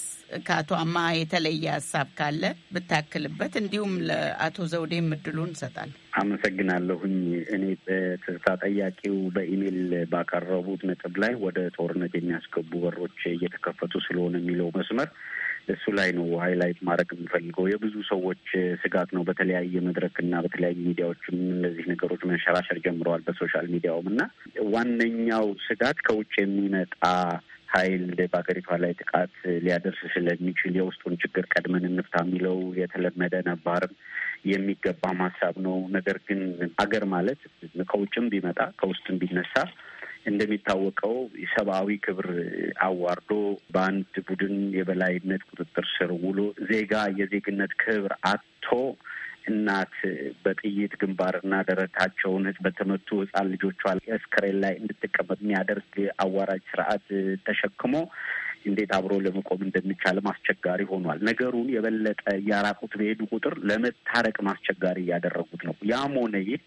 ከአቶ አማሀ የተለየ ሀሳብ ካለ ብታክልበት፣ እንዲሁም ለአቶ ዘውዴ እድሉን እንሰጣለን። አመሰግናለሁኝ። እኔ በትዝታ ጠያቂው በኢሜይል ባቀረቡት ነጥብ ላይ ወደ ጦርነት የሚያስገቡ በሮች እየተከፈቱ ስለሆነ የሚለው መስመር እሱ ላይ ነው ሀይላይት ማድረግ የምፈልገው። የብዙ ሰዎች ስጋት ነው። በተለያየ መድረክ እና በተለያዩ ሚዲያዎችም እነዚህ ነገሮች መንሸራሸር ጀምረዋል፣ በሶሻል ሚዲያውም እና ዋነኛው ስጋት ከውጭ የሚመጣ ኃይል በሀገሪቷ ላይ ጥቃት ሊያደርስ ስለሚችል የውስጡን ችግር ቀድመን እንፍታ የሚለው የተለመደ ነባርም የሚገባም ሀሳብ ነው። ነገር ግን አገር ማለት ከውጭም ቢመጣ ከውስጥም ቢነሳ እንደሚታወቀው ሰብአዊ ክብር አዋርዶ በአንድ ቡድን የበላይነት ቁጥጥር ስር ውሎ ዜጋ የዜግነት ክብር አጥቶ እናት በጥይት ግንባርና ደረታቸውን በተመቱ ህጻን ልጆቿ አስከሬን ላይ እንድትቀመጥ የሚያደርግ አዋራጅ ስርዓት ተሸክሞ እንዴት አብሮ ለመቆም እንደሚቻልም አስቸጋሪ ሆኗል። ነገሩን የበለጠ እያራቁት በሄዱ ቁጥር ለመታረቅ ማስቸጋሪ እያደረጉት ነው። ያም ሆነ ይህ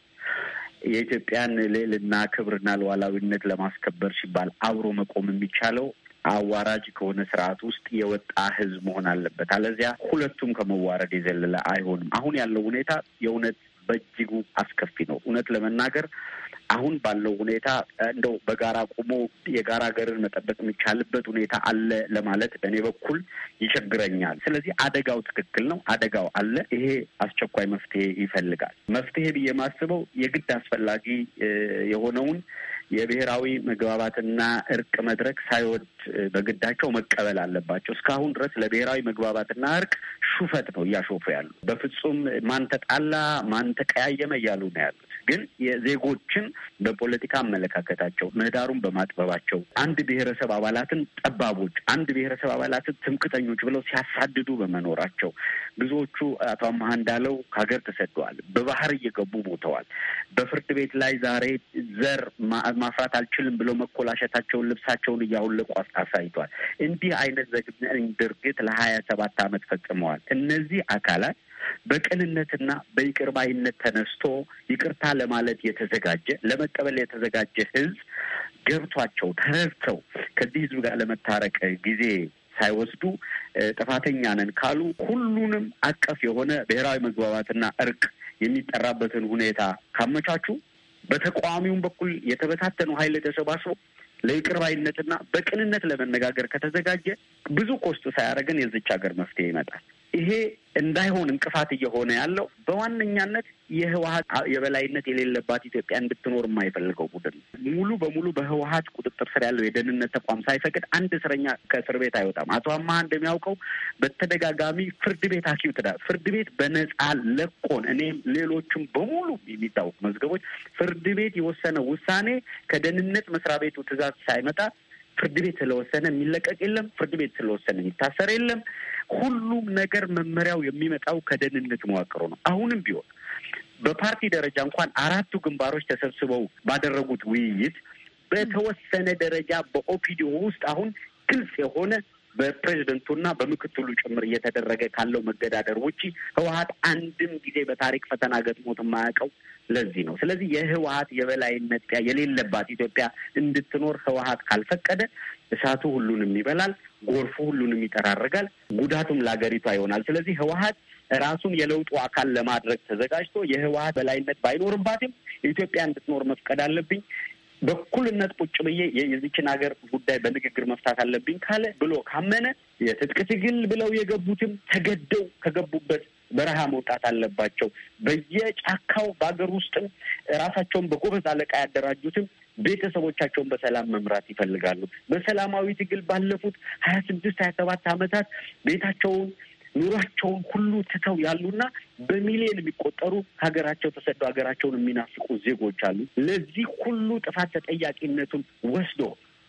የኢትዮጵያን ልዕልና ክብርና ሉዓላዊነት ለማስከበር ሲባል አብሮ መቆም የሚቻለው አዋራጅ ከሆነ ስርዓት ውስጥ የወጣ ህዝብ መሆን አለበት። አለዚያ ሁለቱም ከመዋረድ የዘለለ አይሆንም። አሁን ያለው ሁኔታ የእውነት በእጅጉ አስከፊ ነው። እውነት ለመናገር አሁን ባለው ሁኔታ እንደው በጋራ ቆሞ የጋራ ሀገርን መጠበቅ የሚቻልበት ሁኔታ አለ ለማለት በእኔ በኩል ይቸግረኛል። ስለዚህ አደጋው ትክክል ነው፣ አደጋው አለ። ይሄ አስቸኳይ መፍትሄ ይፈልጋል። መፍትሄ ብዬ የማስበው የግድ አስፈላጊ የሆነውን የብሔራዊ መግባባትና እርቅ መድረክ ሳይወድ በግዳቸው መቀበል አለባቸው። እስካሁን ድረስ ለብሔራዊ መግባባትና እርቅ ሹፈት ነው እያሾፉ ያሉ። በፍጹም ማን ተጣላ ማን ተቀያየመ እያሉ ነው ያሉ። ግን የዜጎችን በፖለቲካ አመለካከታቸው ምህዳሩን በማጥበባቸው አንድ ብሔረሰብ አባላትን ጠባቦች፣ አንድ ብሔረሰብ አባላትን ትምክተኞች ብለው ሲያሳድዱ በመኖራቸው ብዙዎቹ አቶ አመሀ እንዳለው ከሀገር ተሰደዋል። በባህር እየገቡ ሞተዋል። በፍርድ ቤት ላይ ዛሬ ዘር ማፍራት አልችልም ብለው መኮላሸታቸውን ልብሳቸውን እያውለቁ አሳይቷል። እንዲህ አይነት ዘግናኝ ድርጊት ለሀያ ሰባት አመት ፈጽመዋል። እነዚህ አካላት በቅንነትና በይቅር ባይነት ተነስቶ ይቅርታ ለማለት የተዘጋጀ ለመቀበል የተዘጋጀ ህዝብ ገብቷቸው ተረድተው ከዚህ ህዝብ ጋር ለመታረቅ ጊዜ ሳይወስዱ ጥፋተኛ ነን ካሉ ሁሉንም አቀፍ የሆነ ብሔራዊ መግባባትና እርቅ የሚጠራበትን ሁኔታ ካመቻቹ በተቃዋሚውም በኩል የተበታተኑ ኃይል ተሰባስቦ ለይቅር ባይነትና በቅንነት ለመነጋገር ከተዘጋጀ ብዙ ኮስት ሳያደርገን የዚች ሀገር መፍትሄ ይመጣል። ይሄ እንዳይሆን እንቅፋት እየሆነ ያለው በዋነኛነት የህወሀት የበላይነት የሌለባት ኢትዮጵያ እንድትኖር የማይፈልገው ቡድን ሙሉ በሙሉ በህወሀት ቁጥጥር ስር ያለው የደህንነት ተቋም ሳይፈቅድ አንድ እስረኛ ከእስር ቤት አይወጣም። አቶ አማሀ እንደሚያውቀው በተደጋጋሚ ፍርድ ቤት አኪው ትዳ ፍርድ ቤት በነጻ ለቆን እኔም ሌሎችም በሙሉ የሚታወቁ መዝገቦች ፍርድ ቤት የወሰነ ውሳኔ ከደህንነት መስሪያ ቤቱ ትእዛዝ ሳይመጣ ፍርድ ቤት ስለወሰነ የሚለቀቅ የለም። ፍርድ ቤት ስለወሰነ የሚታሰር የለም። ሁሉም ነገር መመሪያው የሚመጣው ከደህንነት መዋቅሩ ነው። አሁንም ቢሆን በፓርቲ ደረጃ እንኳን አራቱ ግንባሮች ተሰብስበው ባደረጉት ውይይት በተወሰነ ደረጃ በኦፒዲዮ ውስጥ አሁን ግልጽ የሆነ በፕሬዝደንቱና በምክትሉ ጭምር እየተደረገ ካለው መገዳደር ውጪ ህወሀት አንድም ጊዜ በታሪክ ፈተና ገጥሞት የማያውቀው ለዚህ ነው። ስለዚህ የህወሀት የበላይነት የሌለባት ኢትዮጵያ እንድትኖር ህወሀት ካልፈቀደ እሳቱ ሁሉንም ይበላል። ጎርፉ ሁሉንም ይጠራርጋል፣ ጉዳቱም ለሀገሪቷ ይሆናል። ስለዚህ ህወሀት ራሱን የለውጡ አካል ለማድረግ ተዘጋጅቶ የህወሀት በላይነት ባይኖርባትም ኢትዮጵያ እንድትኖር መፍቀድ አለብኝ በኩልነት ቁጭ ብዬ የዚችን ሀገር ጉዳይ በንግግር መፍታት አለብኝ ካለ ብሎ ካመነ የትጥቅ ትግል ብለው የገቡትም ተገደው ከገቡበት በረሃ መውጣት አለባቸው። በየጫካው በሀገር ውስጥም ራሳቸውን በጎበዝ አለቃ ያደራጁትም ቤተሰቦቻቸውን በሰላም መምራት ይፈልጋሉ። በሰላማዊ ትግል ባለፉት ሀያ ስድስት ሀያ ሰባት ዓመታት ቤታቸውን ኑሯቸውን ሁሉ ትተው ያሉና በሚሊዮን የሚቆጠሩ ሀገራቸው ተሰደው ሀገራቸውን የሚናፍቁ ዜጎች አሉ። ለዚህ ሁሉ ጥፋት ተጠያቂነቱን ወስዶ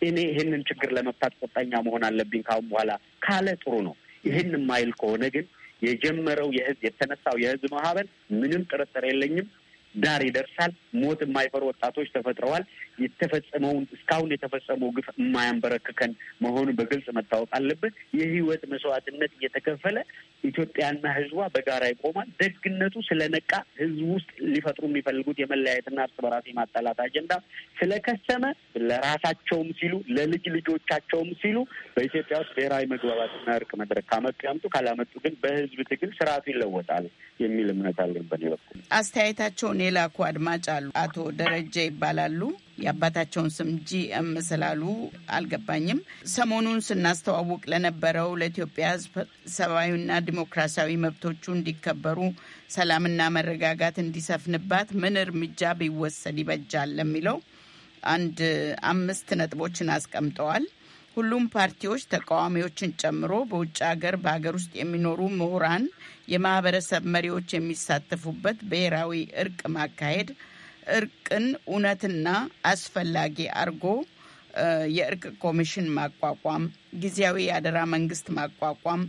እኔ ይህንን ችግር ለመፍታት ቁርጠኛ መሆን አለብኝ ካሁን በኋላ ካለ ጥሩ ነው። ይህን የማይል ከሆነ ግን የጀመረው የህዝብ የተነሳው የህዝብ ማህበር ምንም ጥርጥር የለኝም ዳር ይደርሳል። ሞት የማይፈሩ ወጣቶች ተፈጥረዋል። የተፈጸመውን እስካሁን የተፈጸመው ግፍ የማያንበረክከን መሆኑን በግልጽ መታወቅ አለበት። የህይወት መስዋዕትነት እየተከፈለ ኢትዮጵያና ህዝቧ በጋራ ይቆማል። ደግነቱ ስለነቃ ህዝብ ውስጥ ሊፈጥሩ የሚፈልጉት የመለያየትና እርስ በራስ የማጣላት አጀንዳ ስለከሰመ ለራሳቸውም ሲሉ ለልጅ ልጆቻቸውም ሲሉ በኢትዮጵያ ውስጥ ብሔራዊ መግባባትና እርቅ መድረክ ካመጡ ያምጡ፣ ካላመጡ ግን በህዝብ ትግል ስርዓቱ ይለወጣል የሚል እምነት አለን። በኔ በኩል አስተያየታቸውን የላኩ አድማጭ አሉ። አቶ ደረጀ ይባላሉ። የአባታቸውን ስም ጂኤም ስላሉ አልገባኝም። ሰሞኑን ስናስተዋውቅ ለነበረው ለኢትዮጵያ ሕዝብ ሰብአዊና ዲሞክራሲያዊ መብቶቹ እንዲከበሩ ሰላምና መረጋጋት እንዲሰፍንባት ምን እርምጃ ቢወሰድ ይበጃል ለሚለው አንድ አምስት ነጥቦችን አስቀምጠዋል። ሁሉም ፓርቲዎች ተቃዋሚዎችን ጨምሮ በውጭ ሀገር በሀገር ውስጥ የሚኖሩ ምሁራን፣ የማህበረሰብ መሪዎች የሚሳተፉበት ብሔራዊ እርቅ ማካሄድ እርቅን እውነትና አስፈላጊ አርጎ የእርቅ ኮሚሽን ማቋቋም፣ ጊዜያዊ የአደራ መንግስት ማቋቋም፣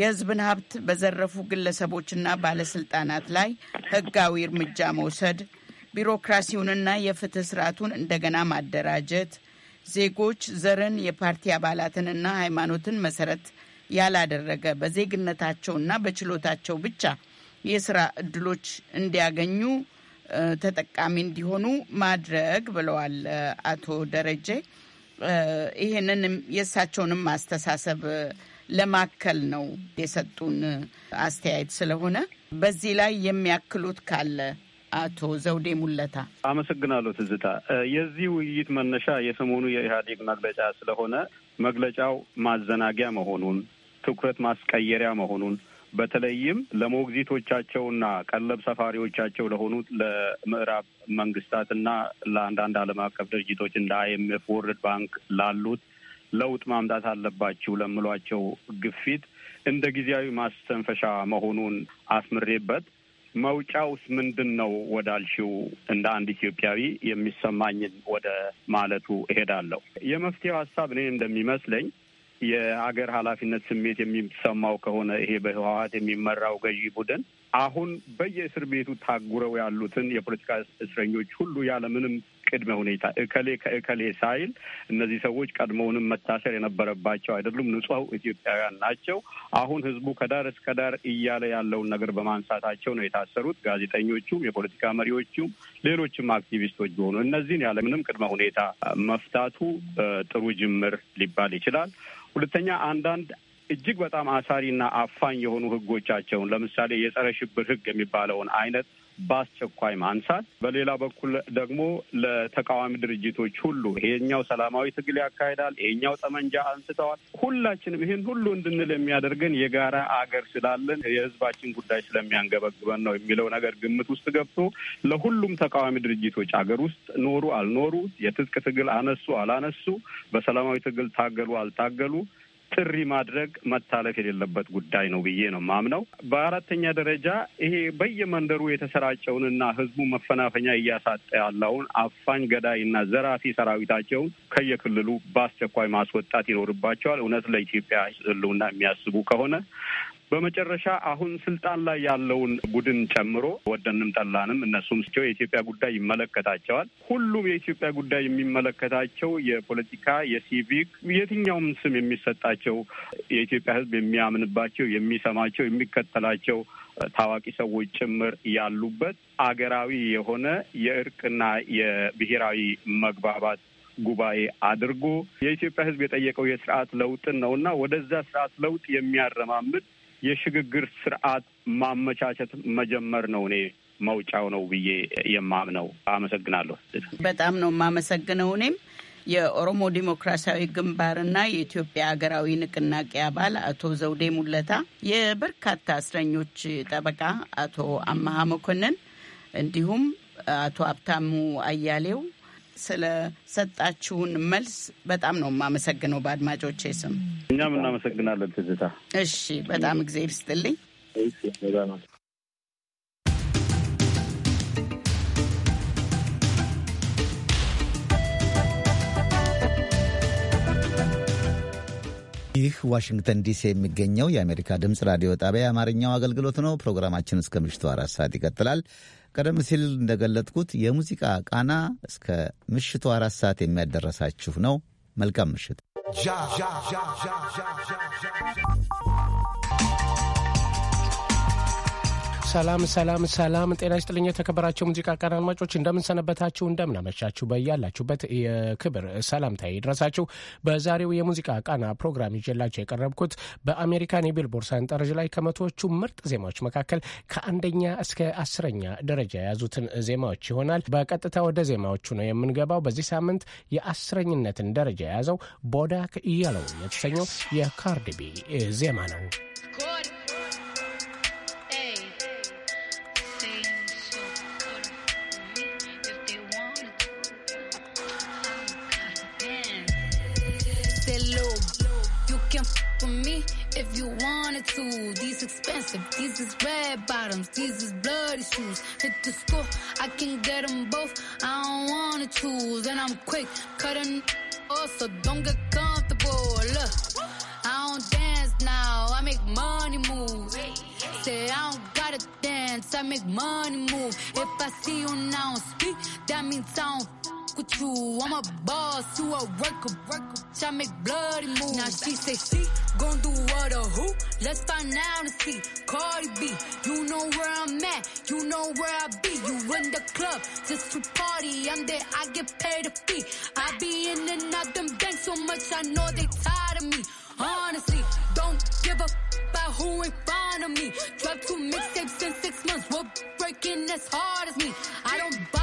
የህዝብን ሀብት በዘረፉ ግለሰቦችና ባለስልጣናት ላይ ህጋዊ እርምጃ መውሰድ፣ ቢሮክራሲውንና የፍትህ ስርዓቱን እንደገና ማደራጀት፣ ዜጎች ዘርን፣ የፓርቲ አባላትንና ሃይማኖትን መሰረት ያላደረገ በዜግነታቸውና በችሎታቸው ብቻ የስራ እድሎች እንዲያገኙ ተጠቃሚ እንዲሆኑ ማድረግ ብለዋል አቶ ደረጀ። ይህንን የእሳቸውንም አስተሳሰብ ለማከል ነው የሰጡን አስተያየት ስለሆነ በዚህ ላይ የሚያክሉት ካለ አቶ ዘውዴ ሙለታ አመሰግናለሁ። ትዝታ የዚህ ውይይት መነሻ የሰሞኑ የኢህአዴግ መግለጫ ስለሆነ መግለጫው ማዘናጊያ መሆኑን፣ ትኩረት ማስቀየሪያ መሆኑን በተለይም ለሞግዚቶቻቸውና ቀለብ ሰፋሪዎቻቸው ለሆኑት ለምዕራብ መንግስታትና ለአንዳንድ ዓለም አቀፍ ድርጅቶች እንደ አይኤምኤፍ፣ ወርልድ ባንክ ላሉት ለውጥ ማምጣት አለባችሁ ለምሏቸው ግፊት እንደ ጊዜያዊ ማስተንፈሻ መሆኑን አስምሬበት መውጫውስ ምንድን ነው ወዳልሽው እንደ አንድ ኢትዮጵያዊ የሚሰማኝን ወደ ማለቱ እሄዳለሁ። የመፍትሄው ሀሳብ እኔ እንደሚመስለኝ የአገር ኃላፊነት ስሜት የሚሰማው ከሆነ ይሄ በህወሀት የሚመራው ገዢ ቡድን አሁን በየእስር ቤቱ ታጉረው ያሉትን የፖለቲካ እስረኞች ሁሉ ያለምንም ቅድመ ሁኔታ እከሌ ከእከሌ ሳይል እነዚህ ሰዎች ቀድሞውንም መታሰር የነበረባቸው አይደሉም፣ ንጹህ ኢትዮጵያውያን ናቸው። አሁን ህዝቡ ከዳር እስከ ዳር እያለ ያለውን ነገር በማንሳታቸው ነው የታሰሩት። ጋዜጠኞቹም፣ የፖለቲካ መሪዎቹም፣ ሌሎችም አክቲቪስቶች ቢሆኑ እነዚህን ያለምንም ቅድመ ሁኔታ መፍታቱ ጥሩ ጅምር ሊባል ይችላል። ሁለተኛ አንዳንድ እጅግ በጣም አሳሪና አፋኝ የሆኑ ህጎቻቸውን ለምሳሌ የጸረ ሽብር ህግ የሚባለውን አይነት በአስቸኳይ ማንሳት፣ በሌላ በኩል ደግሞ ለተቃዋሚ ድርጅቶች ሁሉ ይሄኛው ሰላማዊ ትግል ያካሂዳል፣ ይሄኛው ጠመንጃ አንስተዋል፣ ሁላችንም ይህን ሁሉ እንድንል የሚያደርገን የጋራ አገር ስላለን የህዝባችን ጉዳይ ስለሚያንገበግበን ነው የሚለው ነገር ግምት ውስጥ ገብቶ ለሁሉም ተቃዋሚ ድርጅቶች አገር ውስጥ ኖሩ አልኖሩ፣ የትጥቅ ትግል አነሱ አላነሱ፣ በሰላማዊ ትግል ታገሉ አልታገሉ ጥሪ ማድረግ መታለፍ የሌለበት ጉዳይ ነው ብዬ ነው ማምነው። በአራተኛ ደረጃ ይሄ በየመንደሩ የተሰራጨውንና ህዝቡ መፈናፈኛ እያሳጠ ያለውን አፋኝ ገዳይና ዘራፊ ሰራዊታቸውን ከየክልሉ በአስቸኳይ ማስወጣት ይኖርባቸዋል። እውነት ለኢትዮጵያ ህልውና የሚያስቡ ከሆነ በመጨረሻ አሁን ስልጣን ላይ ያለውን ቡድን ጨምሮ ወደንም ጠላንም እነሱም ስቸው የኢትዮጵያ ጉዳይ ይመለከታቸዋል። ሁሉም የኢትዮጵያ ጉዳይ የሚመለከታቸው የፖለቲካ የሲቪክ የትኛውም ስም የሚሰጣቸው የኢትዮጵያ ሕዝብ የሚያምንባቸው የሚሰማቸው የሚከተላቸው ታዋቂ ሰዎች ጭምር ያሉበት አገራዊ የሆነ የእርቅና የብሔራዊ መግባባት ጉባኤ አድርጎ የኢትዮጵያ ህዝብ የጠየቀው የስርዓት ለውጥን እና ወደዛ ስርዓት ለውጥ የሚያረማምድ የሽግግር ስርዓት ማመቻቸት መጀመር ነው እኔ መውጫው ነው ብዬ የማምነው። አመሰግናለሁ። በጣም ነው የማመሰግነው። እኔም የኦሮሞ ዴሞክራሲያዊ ግንባርና የኢትዮጵያ ሀገራዊ ንቅናቄ አባል አቶ ዘውዴ ሙለታ፣ የበርካታ እስረኞች ጠበቃ አቶ አመሀ መኮንን እንዲሁም አቶ ሀብታሙ አያሌው ስለሰጣችሁን መልስ በጣም ነው የማመሰግነው በአድማጮቼ ስም። እኛም እናመሰግናለን ትዝታ። እሺ፣ በጣም እግዜር ይስጥልኝ። ይህ ዋሽንግተን ዲሲ የሚገኘው የአሜሪካ ድምፅ ራዲዮ ጣቢያ የአማርኛው አገልግሎት ነው። ፕሮግራማችን እስከ ምሽቱ አራት ሰዓት ይቀጥላል። ቀደም ሲል እንደገለጥኩት የሙዚቃ ቃና እስከ ምሽቱ አራት ሰዓት የሚያደረሳችሁ ነው። መልካም ምሽት። ሰላም ሰላም ሰላም፣ ጤና ይስጥልኝ የተከበራቸው ሙዚቃ ቀን አድማጮች፣ እንደምንሰነበታችሁ፣ እንደምናመሻችሁ በያላችሁበት የክብር ሰላምታ ይድረሳችሁ። በዛሬው የሙዚቃ ቃና ፕሮግራም ይዤላቸው የቀረብኩት በአሜሪካን የቢልቦርድ ሰንጠረዥ ላይ ከመቶዎቹ ምርጥ ዜማዎች መካከል ከአንደኛ እስከ አስረኛ ደረጃ የያዙትን ዜማዎች ይሆናል። በቀጥታ ወደ ዜማዎቹ ነው የምንገባው። በዚህ ሳምንት የአስረኝነትን ደረጃ የያዘው ቦዳክ እያለው የተሰኘው የካርዲቢ ዜማ ነው። if you wanted to. These expensive, these is red bottoms, these is bloody shoes. Hit the score, I can get them both. I don't wanna choose, and I'm quick cutting off, so don't get comfortable. Look, I don't dance now, I make money moves. Say I don't gotta dance, I make money move. If I see you now speak, that means I don't fuck with you. I'm a boss to a worker, worker. I make bloody moves. Now she say she gon' do what or who? Let's find out and see. Cardi B, you know where I'm at, you know where I be. You in the club just to party. I'm there, I get paid a fee. I be in and out them banks so much, I know they tired of me. Honestly, don't give a about who in front of me. Drop two mixtapes in six months, we're breaking as hard as me. I don't buy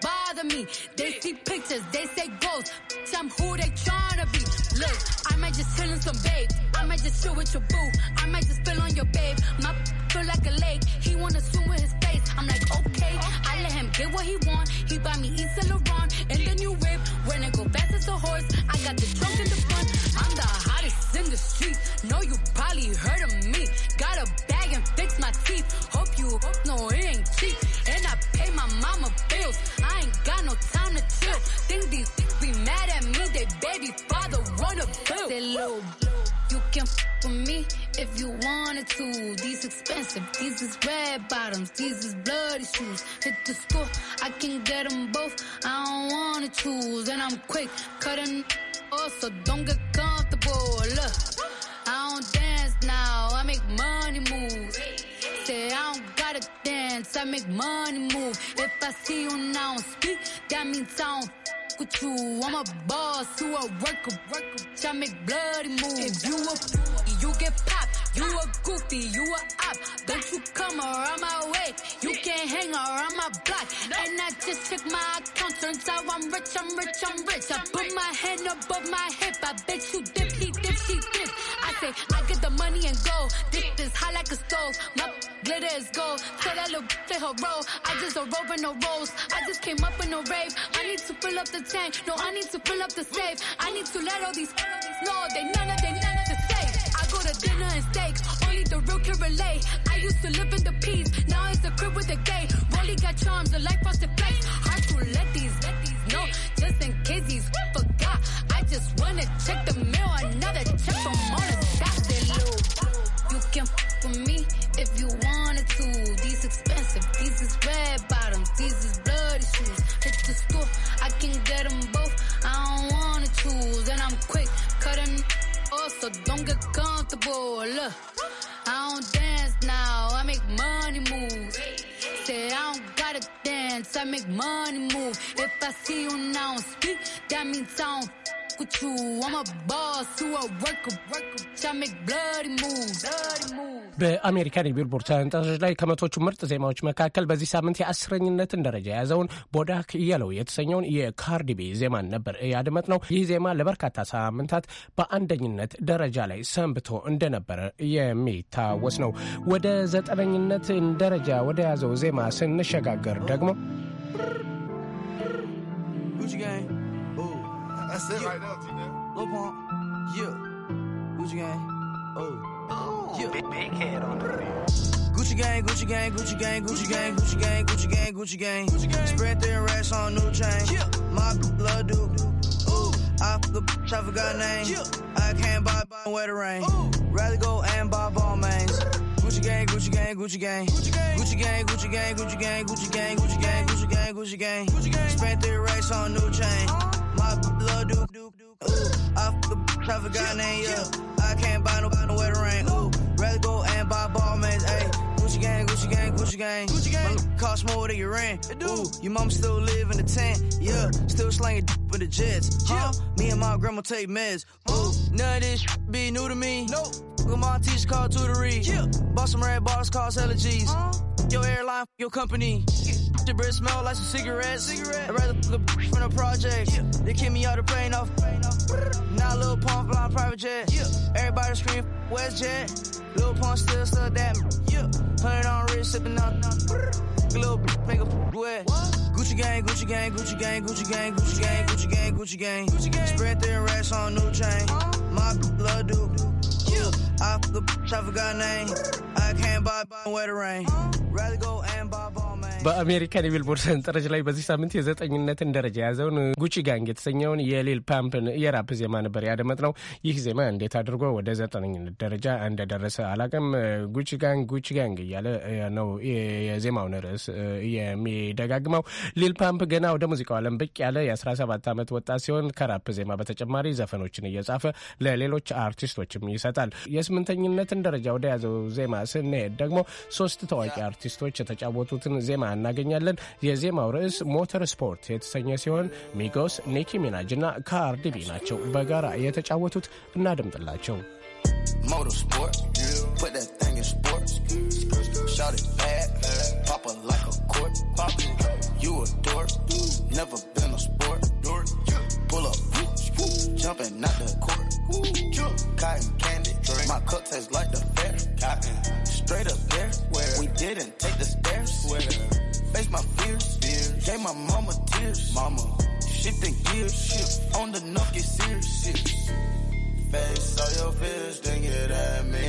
bother me. They see pictures, they say ghosts. Some who they tryna be. Look, I might just chill in some babe. I might just chill with your boo. I might just spill on your babe. My feel like a lake. He wanna swim with his face. I'm like, okay. I let him get what he want. He buy me East Saint Laurent and the new whip. When I go fast as a horse, I got the trunk in the front. I'm the hottest in the street. Know you probably heard of me. Got a bag and fix my teeth. Hope you hope no it ain't cheap. And I pay my mama no time to chill. Think these be mad at me, they baby father run to bill. Say, you can f with me if you wanted to. These expensive, these is red bottoms, these is bloody shoes. Hit the store, I can get them both. I don't wanna choose, and I'm quick cutting off, so don't get comfortable. Look, I don't dance now, I make money moves. I don't gotta dance, I make money move. If I see you now, I speak, that means I don't with you. I'm a boss, you a worker, worker. I make bloody moves. If you a you get popped. You a goofy, you a op. Don't you come around my way. You can't hang around my block. And I just check my account. Turns out I'm rich, I'm rich, I'm rich. I put my hand above my hip. I bet you dip. I get the money and go. Dick is high like a stove. My glitter is gold. Tell that little fit her role. I just a rope and no rolls. I just came up in no rave. I need to fill up the tank. No, I need to fill up the safe. I need to let all these know they none of them none of the safe. I go to dinner and steak. Only the real can relate. I used to live in the peace. Now it's a crib with a gay. Rolly got charms. The life was the Hard to let these, let these know. Just in case these just wanna check the mail, another check from Mona Doctor You can f with me if you wanted to. These expensive, these is red bottoms, these is bloody shoes. Hit the store, I can get them both. I don't wanna choose, and I'm quick cutting off, so don't get comfortable. Look, I don't dance now, I make money moves. Say I don't gotta dance, I make money move. If I see you now speak, that means I don't fuck with you. I'm a boss to a worker. I make bloody moves. Bloody moves. በአሜሪካን የቢልቦርድ ሰንጠረዥ ላይ ከመቶቹ ምርጥ ዜማዎች መካከል በዚህ ሳምንት የአስረኝነትን ደረጃ የያዘውን ቦዳክ የለው የተሰኘውን የካርዲቢ ዜማን ነበር ያድመጥ ነው። ይህ ዜማ ለበርካታ ሳምንታት በአንደኝነት ደረጃ ላይ ሰንብቶ እንደነበረ የሚታወስ ነው። ወደ ዘጠነኝነት ደረጃ ወደ ያዘው ዜማ ስንሸጋገር ደግሞ Gucci That's it yeah. right now, T-Man. Lil Pump, yeah. Gucci Gang, oh. oh Big, big head on the beat. Gucci gang, Gucci gang, Gucci gang, Gucci gang, Gucci gang, Gucci gang, Gucci gang. Gucci gang. Spread their racks on new chain. Yeah. My love do. Ooh. I fuck bitch, I forgot name. Yeah. I can't buy, buy where the rain. Ooh. Rather go and buy ball mains. Gucci gang, Gucci gang, Gucci gang. Gucci gang, Gucci gang, Gucci gang, Gucci gang, Gucci gang, Gucci gang, Gucci gang, Gucci gang. Spent three racks on new chain. Uh-huh. Pop the blood, duke, duke, duke. Ooh, I fuck a bitch, I forgot name, yeah. I can't buy no no wedding ring. Ooh, rather go and buy ball mans, ayy. Gucci gang, Gucci gang, Gucci gang. Gucci gang. My cost more than your rent. It do. Ooh, your mom still live in the tent, yeah. Still slanging d- with the jets, huh? Yeah. Me and my grandma take meds. Ooh, none of this be new to me. Nope. My teacher called tutory. Yeah. Bought some red bars, cost hella G's. huh Your airline, your company. Yeah the bread smell like some cigarettes. Cigarette. I'd rather fuck a from the project. Yeah. They kick me out the plane off. Now Lil Pump flying private jet. Yeah. Everybody scream Jet. Lil Pump still stuck that. Yeah. Hundred on wrist sipping on. Little bitch make a f- wet. Gucci gang, Gucci gang, Gucci gang, Gucci gang, Gucci gang, Gucci gang, Gucci gang. Gucci gang. Spread the racks on new chain. My blood dude. Yeah. I fuck a bitch, I forgot name. I can't buy, buy, wet rain. Rather go and buy, buy. በአሜሪካን የቢልቦርድ ሰንጠረዥ ላይ በዚህ ሳምንት የዘጠኝነትን ደረጃ የያዘውን ጉቺ ጋንግ የተሰኘውን የሊል ፓምፕን የራፕ ዜማ ነበር ያደመጥነው። ይህ ዜማ እንዴት አድርጎ ወደ ዘጠነኝነት ደረጃ እንደደረሰ አላቅም። ጉቺ ጋንግ ጉቺ ጋንግ እያለ ነው የዜማውን ርዕስ የሚደጋግመው። ሊል ፓምፕ ገና ወደ ሙዚቃው ዓለም ብቅ ያለ የ17 ዓመት ወጣት ሲሆን ከራፕ ዜማ በተጨማሪ ዘፈኖችን እየጻፈ ለሌሎች አርቲስቶችም ይሰጣል። የስምንተኝነትን ደረጃ ወደ ያዘው ዜማ ስንሄድ ደግሞ ሶስት ታዋቂ አርቲስቶች የተጫወቱትን ዜማ እናገኛለን። የዜማው ርዕስ ሞተር ስፖርት የተሰኘ ሲሆን ሚጎስ፣ ኒኪ ሚናጅ እና ካርዲ ቢ ናቸው በጋራ የተጫወቱት። እናድምጥላቸው። Motor sport, put that thing in sports. Shout it bad, pop it like a court. You a dork, never been a sport. Pull up, jumping out the court. Cotton candy, my cup tastes like the fair. Straight up there, we didn't take the stairs. face my fears. fears. Gave my mama tears. Mama, shifting gears. Shit on the nuff, get serious. Shit. Face all your fears, then get at me.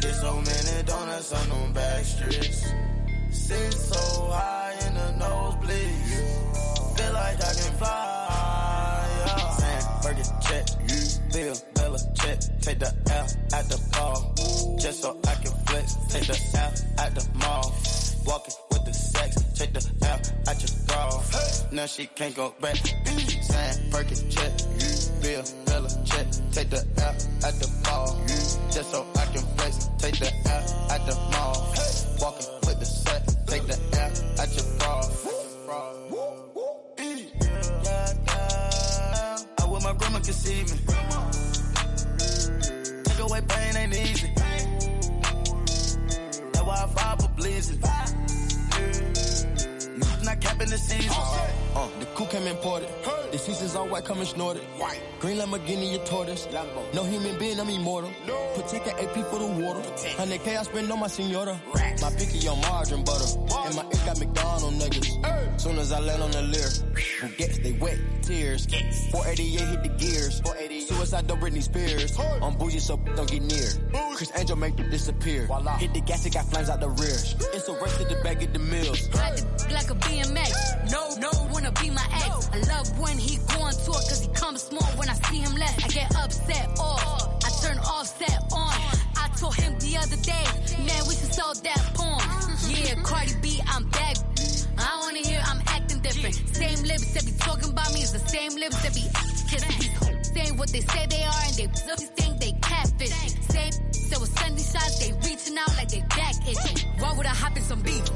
Get so many donuts on them back streets. Sit so high in the nosebleeds. Feel like I can fly. Yeah. Sam, check. You feel Bella, check. Take the L at the ball. Just so I can flex. Take the L at the mall. now she can't go back. Sign, Perkins, check, Bill, Bella, check. Take the L at the ball, just so I can flex. Take the L at the mall, walking with the set. Take the L at your bra. I wish my grandma could see me. Take away pain ain't easy. That's why I fight for blizzard not capping the season. Uh, uh, the coup came imported. Huh? The seasons all white, coming snorted. White. Green Lamborghini, a tortoise. Lambo. No human being, I'm immortal. No. Protect an AP for the water. Protect. 100K I spend on my senora. Rats. My picky on margarine butter. Margin. And my ink got McDonald's niggas. Hey. Soon as I land on the lyric, who gets they wet tears. Gets. 488 hit the gears. 488. Suicide don't Britney Spears. Hey. I'm bougie, so don't get near. Bougie. Chris Angel make them disappear. Voila. Hit the gas, it got flames out the rear. It's a race to the back of the mills. Hey. Like, a, like a BMX. Hey. No, no, wanna be my ex. I love when he go on tour, cause he comes small when I see him left, I get upset or oh, I turn offset on. I told him the other day, man, we should sell that porn. Yeah, Cardi B, I'm back. I wanna hear I'm acting different. Same lips that be talking about me is the same lips that be kissing. Saying what they say they are and they think they catfish. Same that was sending shots, they reaching out like they back itching. Why would I hop in some beef?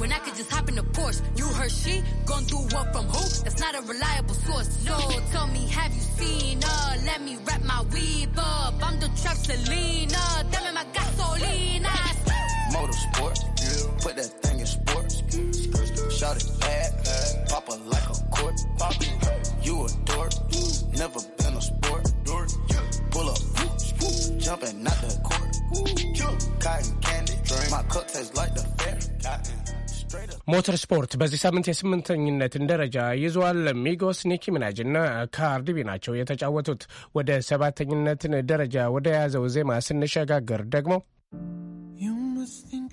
When I could just hop in Porsche. You heard she gon' do what from who? That's not a reliable source. No, tell me, have you seen her? Let me wrap my weave up. I'm the trap Selena. Damn it, my gasolina. Motorsport, yeah. put that thing in sports. Shout it bad, pop her like a court. Pop You a dork, never been a sport. Pull up, jumping out the court. Cotton candy, my cup tastes like the fair. ሞተር ስፖርት በዚህ ሳምንት የስምንተኝነትን ደረጃ ይዟል። ሚጎስ ኒኪ ሚናጅ እና ካርዲቢ ናቸው የተጫወቱት። ወደ ሰባተኝነትን ደረጃ ወደ ያዘው ዜማ ስንሸጋገር ደግሞ You must think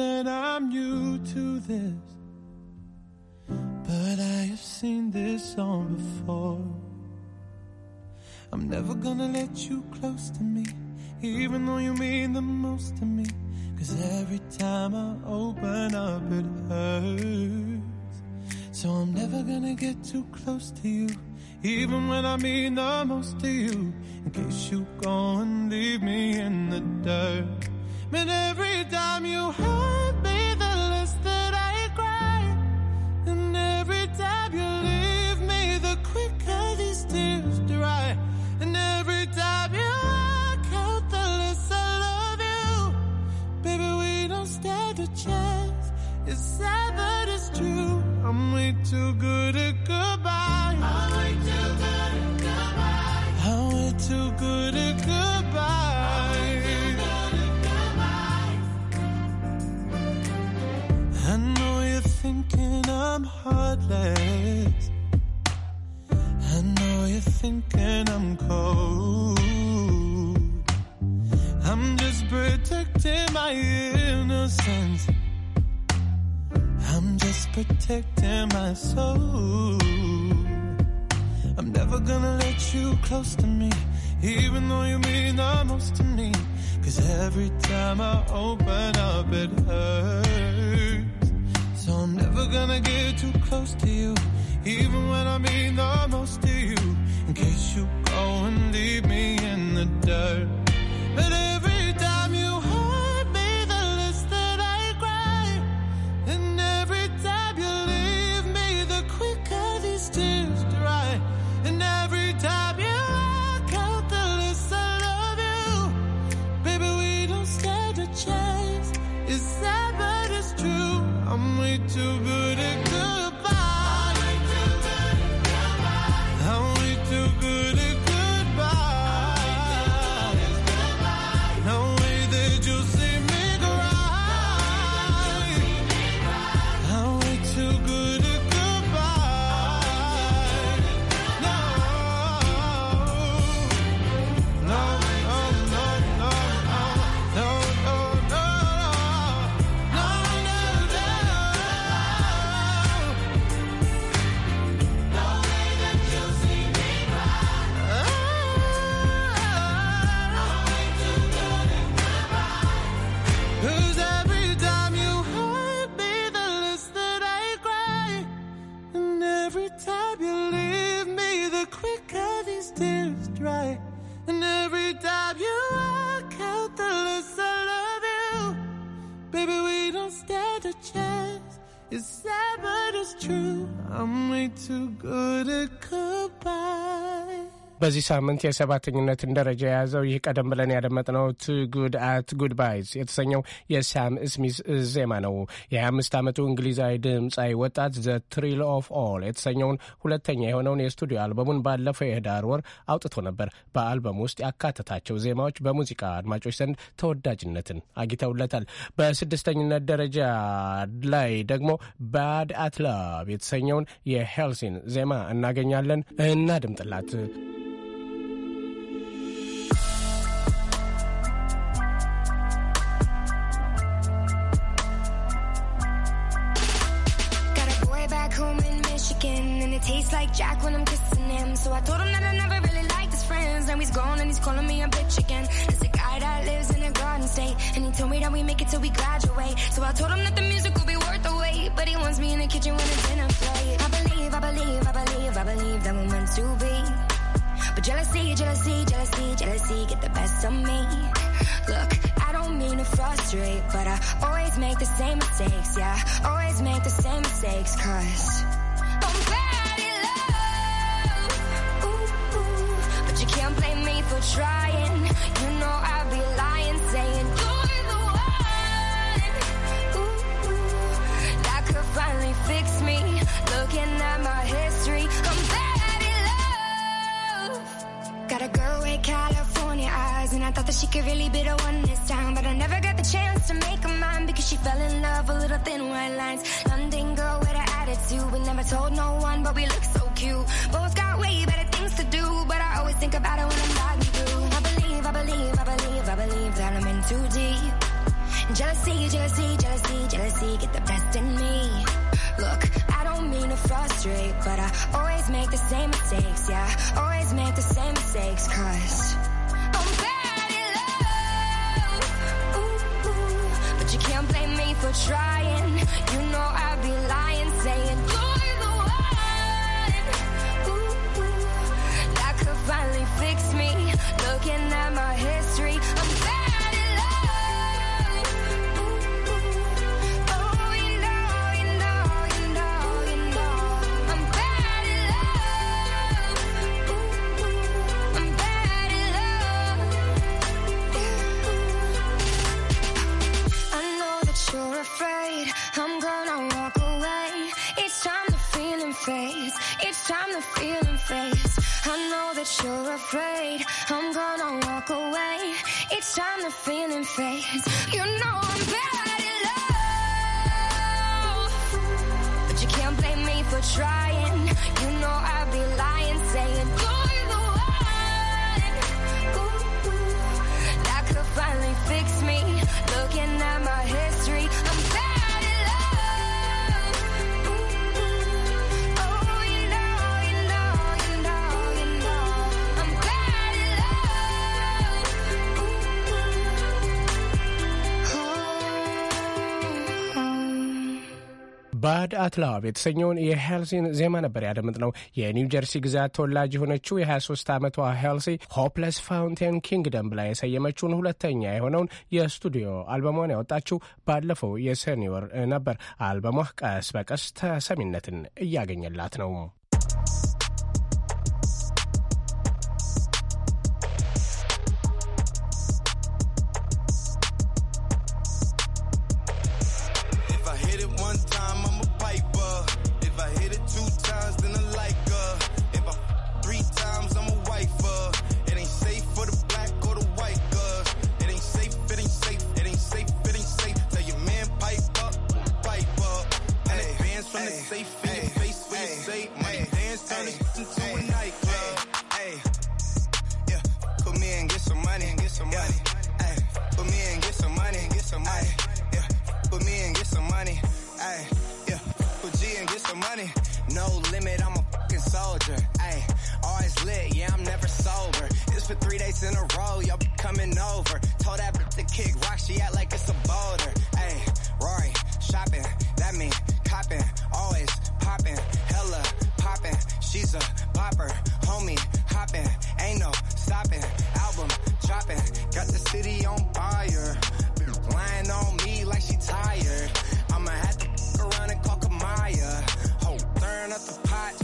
that I'm new to this. But I have seen this song before. I'm never gonna let you close to me, even though you mean the most to me. Cause every time I open up, it hurts. So I'm never gonna get too close to you, even when I mean the most to you. In case you go and leave me in the dirt. Man, every time you hurt me, the less that I every time you leave me, the quicker these tears dry. And every time you walk out, the less I love you. Baby, we don't stand a chance. It's sad, but it's true. I'm way too good at goodbye. soul. I'm never gonna let you close to me, even though you mean the most to me. Cause every time I open up, it hurts. So I'm never gonna get too close to you, even when I mean the most to you. In case you go and leave Every time you leave me, the quicker these tears dry. And every time you walk out, the less I love you. Baby, we don't stand a chance. It's sad, but it's true. I'm way too good at goodbyes. በዚህ ሳምንት የሰባተኝነትን ደረጃ የያዘው ይህ ቀደም ብለን ያደመጥነው ቱ ጉድ አት ጉድ ባይዝ የተሰኘው የሳም ስሚዝ ዜማ ነው። የ25 ዓመቱ እንግሊዛዊ ድምፃዊ ወጣት ዘ ትሪል ኦፍ ኦል የተሰኘውን ሁለተኛ የሆነውን የስቱዲዮ አልበሙን ባለፈው የህዳር ወር አውጥቶ ነበር። በአልበሙ ውስጥ ያካተታቸው ዜማዎች በሙዚቃ አድማጮች ዘንድ ተወዳጅነትን አግኝተውለታል። በስድስተኝነት ደረጃ ላይ ደግሞ ባድ አት ላቭ የተሰኘውን የሄልሲን ዜማ እናገኛለን። እናድምጥላት። tastes like Jack when I'm kissing him. So I told him that I never really liked his friends. Now he's gone and he's calling me a bitch again. There's a guy that lives in a garden state. And he told me that we make it till we graduate. So I told him that the music will be worth the wait. But he wants me in the kitchen when it's dinner plate. I believe, I believe, I believe, I believe that we're meant to be. But jealousy, jealousy, jealousy, jealousy get the best of me. Look, I don't mean to frustrate, but I always make the same mistakes. Yeah, always make the same mistakes, cause I'm bad. blame me for trying. You know I'd be lying, saying you're the one. Ooh, that could finally fix me. Looking at my history, I'm bad love. Got a girl with California eyes, and I thought that she could really be the one this time, but I never got the chance to make her mine because she fell in love with little thin white lines. London girl attitude. We never told no one, but we look so cute. Both got way better things to do, but I always think about it when I'm driving through. I believe, I believe, I believe, I believe that I'm in too deep. Jealousy, jealousy, jealousy, jealousy, get the best in me. Look, I don't mean to frustrate, but I always make the same mistakes. Yeah, always make the same mistakes, cause I'm bad in love. But you can't blame me for trying. You know I'd be lying finally fixed me. Looking at my head that you're afraid. I'm gonna walk away. It's time the feeling fades. You know I'm bad at love, but you can't blame me for trying. You know I'd be lying, saying you're the one. that could finally fix me. Looking at my head. ባድ አትላብ የተሰኘውን የሄልሲን ዜማ ነበር ያደምጥነው። የኒው ጀርሲ ግዛት ተወላጅ የሆነችው የ23 ዓመቷ ሄልሲ ሆፕለስ ፋውንቴን ኪንግደም ብላ የሰየመችውን ሁለተኛ የሆነውን የስቱዲዮ አልበሟን ያወጣችው ባለፈው የሰኒወር ነበር። አልበሟ ቀስ በቀስ ተሰሚነትን እያገኘላት ነው። No limit, I'm a fucking soldier. Ayy, always lit, yeah, I'm never sober. It's for three days in a row, y'all be coming over. Told that bitch to kick rock, she act like it's a boulder. Ayy, Rory, shopping, that mean copping, always popping, hella popping. She's a popper, homie, hopping, ain't no stopping. Album dropping, got the city on fire. Lying on me like she tired. I'ma have to around and call Kamaya up the pot.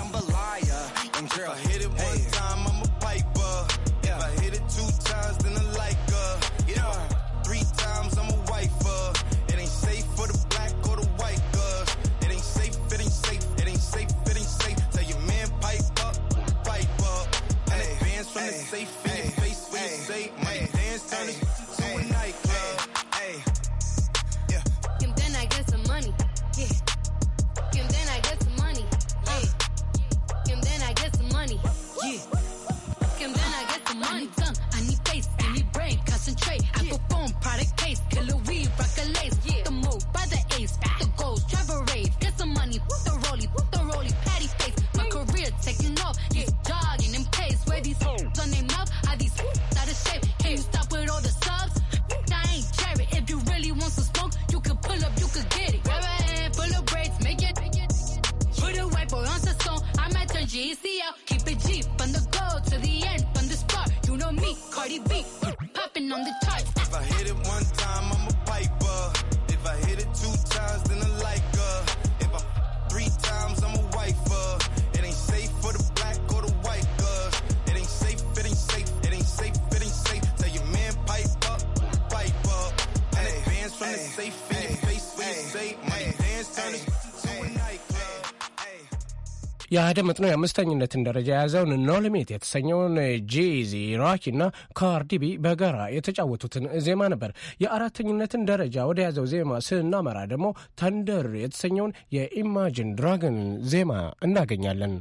አደመጥነው ነው የአምስተኝነትን ደረጃ የያዘውን ኖልሜት የተሰኘውን ጄዚ ራኪና ካርዲቢ በጋራ የተጫወቱትን ዜማ ነበር። የአራተኝነትን ደረጃ ወደ ያዘው ዜማ ስናመራ ደግሞ ተንደር የተሰኘውን የኢማጂን ድራገን ዜማ እናገኛለን።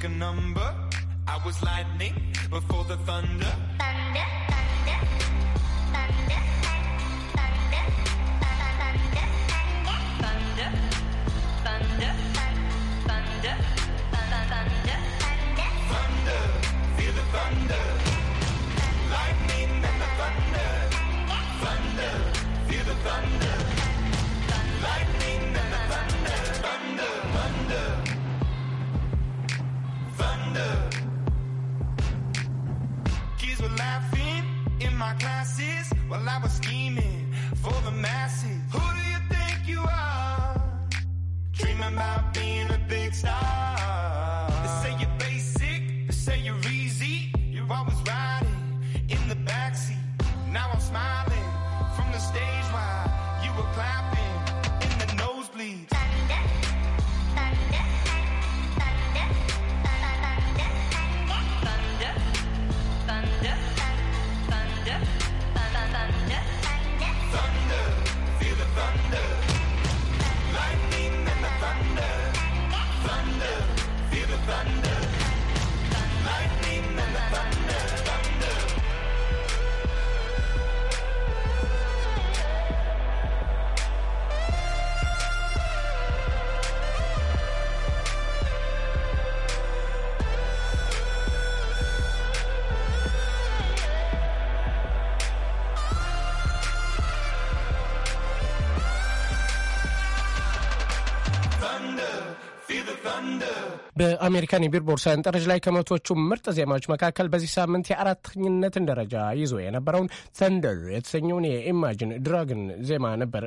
pick a number. I was lightning before the thunder. Well, I was scheming for the masses. በአሜሪካን የቢልቦርድ ሰንጠረዥ ላይ ከመቶቹ ምርጥ ዜማዎች መካከል በዚህ ሳምንት የአራተኝነትን ደረጃ ይዞ የነበረውን ተንደር የተሰኘውን የኢማጂን ድራግን ዜማ ነበር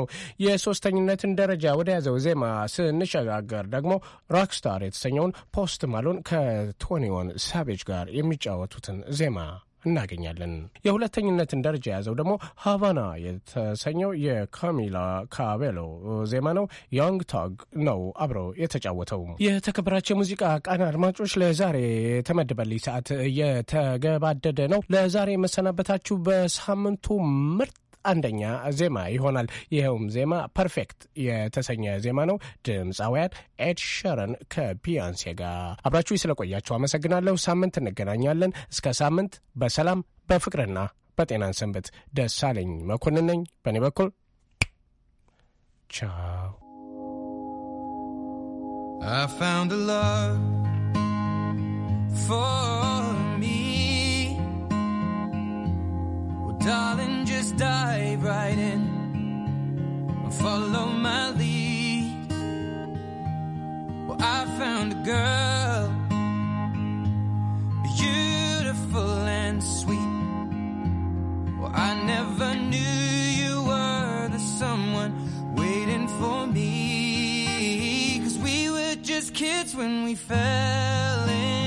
ነው የሶስተኝነትን ደረጃ ወደ ያዘው ዜማ ስንሸጋገር ደግሞ ሮክስታር የተሰኘውን ፖስት ማሎን ከቶኒዮን ሳቤጅ ጋር የሚጫወቱትን ዜማ እናገኛለን። የሁለተኝነትን ደረጃ የያዘው ደግሞ ሃቫና የተሰኘው የካሚላ ካቤሎ ዜማ ነው። ያንግ ታግ ነው አብረው የተጫወተው። የተከበራቸው የሙዚቃ ቃና አድማጮች ለዛሬ የተመደበልኝ ሰዓት እየተገባደደ ነው። ለዛሬ መሰናበታችሁ በሳምንቱ ምርጥ አንደኛ ዜማ ይሆናል። ይኸውም ዜማ ፐርፌክት የተሰኘ ዜማ ነው። ድምፃውያን ኤድ ሸረን ከቢያንሴ ጋር አብራችሁ ስለቆያችሁ አመሰግናለሁ። ሳምንት እንገናኛለን። እስከ ሳምንት በሰላም በፍቅርና በጤናን ሰንበት። ደሳለኝ መኮንን ነኝ። በእኔ በኩል ቻው። I found a love for Darling, just dive right in. Follow my lead. Well, I found a girl beautiful and sweet. Well, I never knew you were the someone waiting for me. Cause we were just kids when we fell in.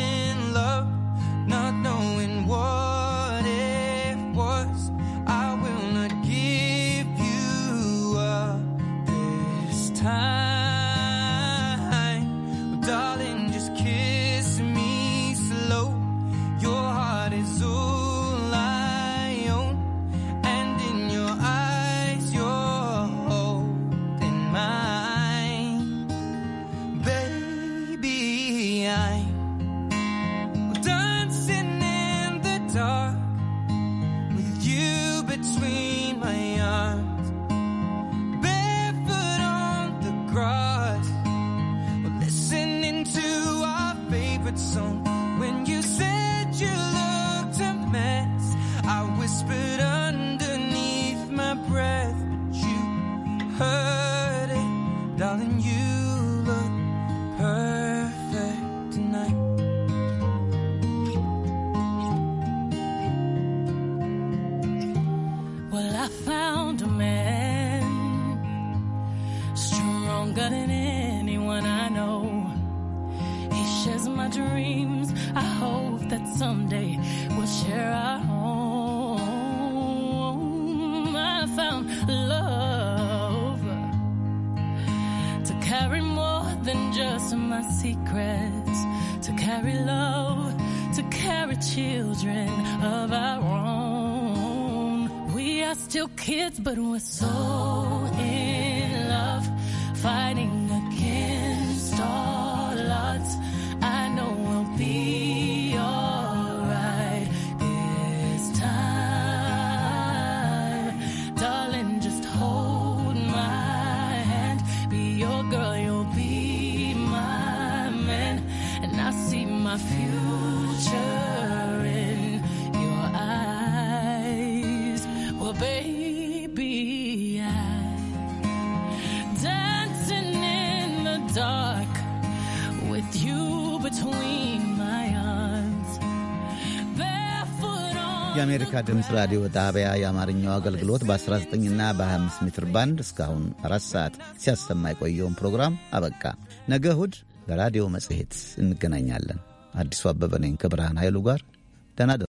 cross. የአሜሪካ ድምፅ ራዲዮ ጣቢያ የአማርኛው አገልግሎት በ19ና በ25 ሜትር ባንድ እስካሁን አራት ሰዓት ሲያሰማ የቆየውን ፕሮግራም አበቃ። ነገ እሁድ በራዲዮ መጽሔት እንገናኛለን። አዲሱ አበበ ነኝ ከብርሃን ኃይሉ ጋር ደናደ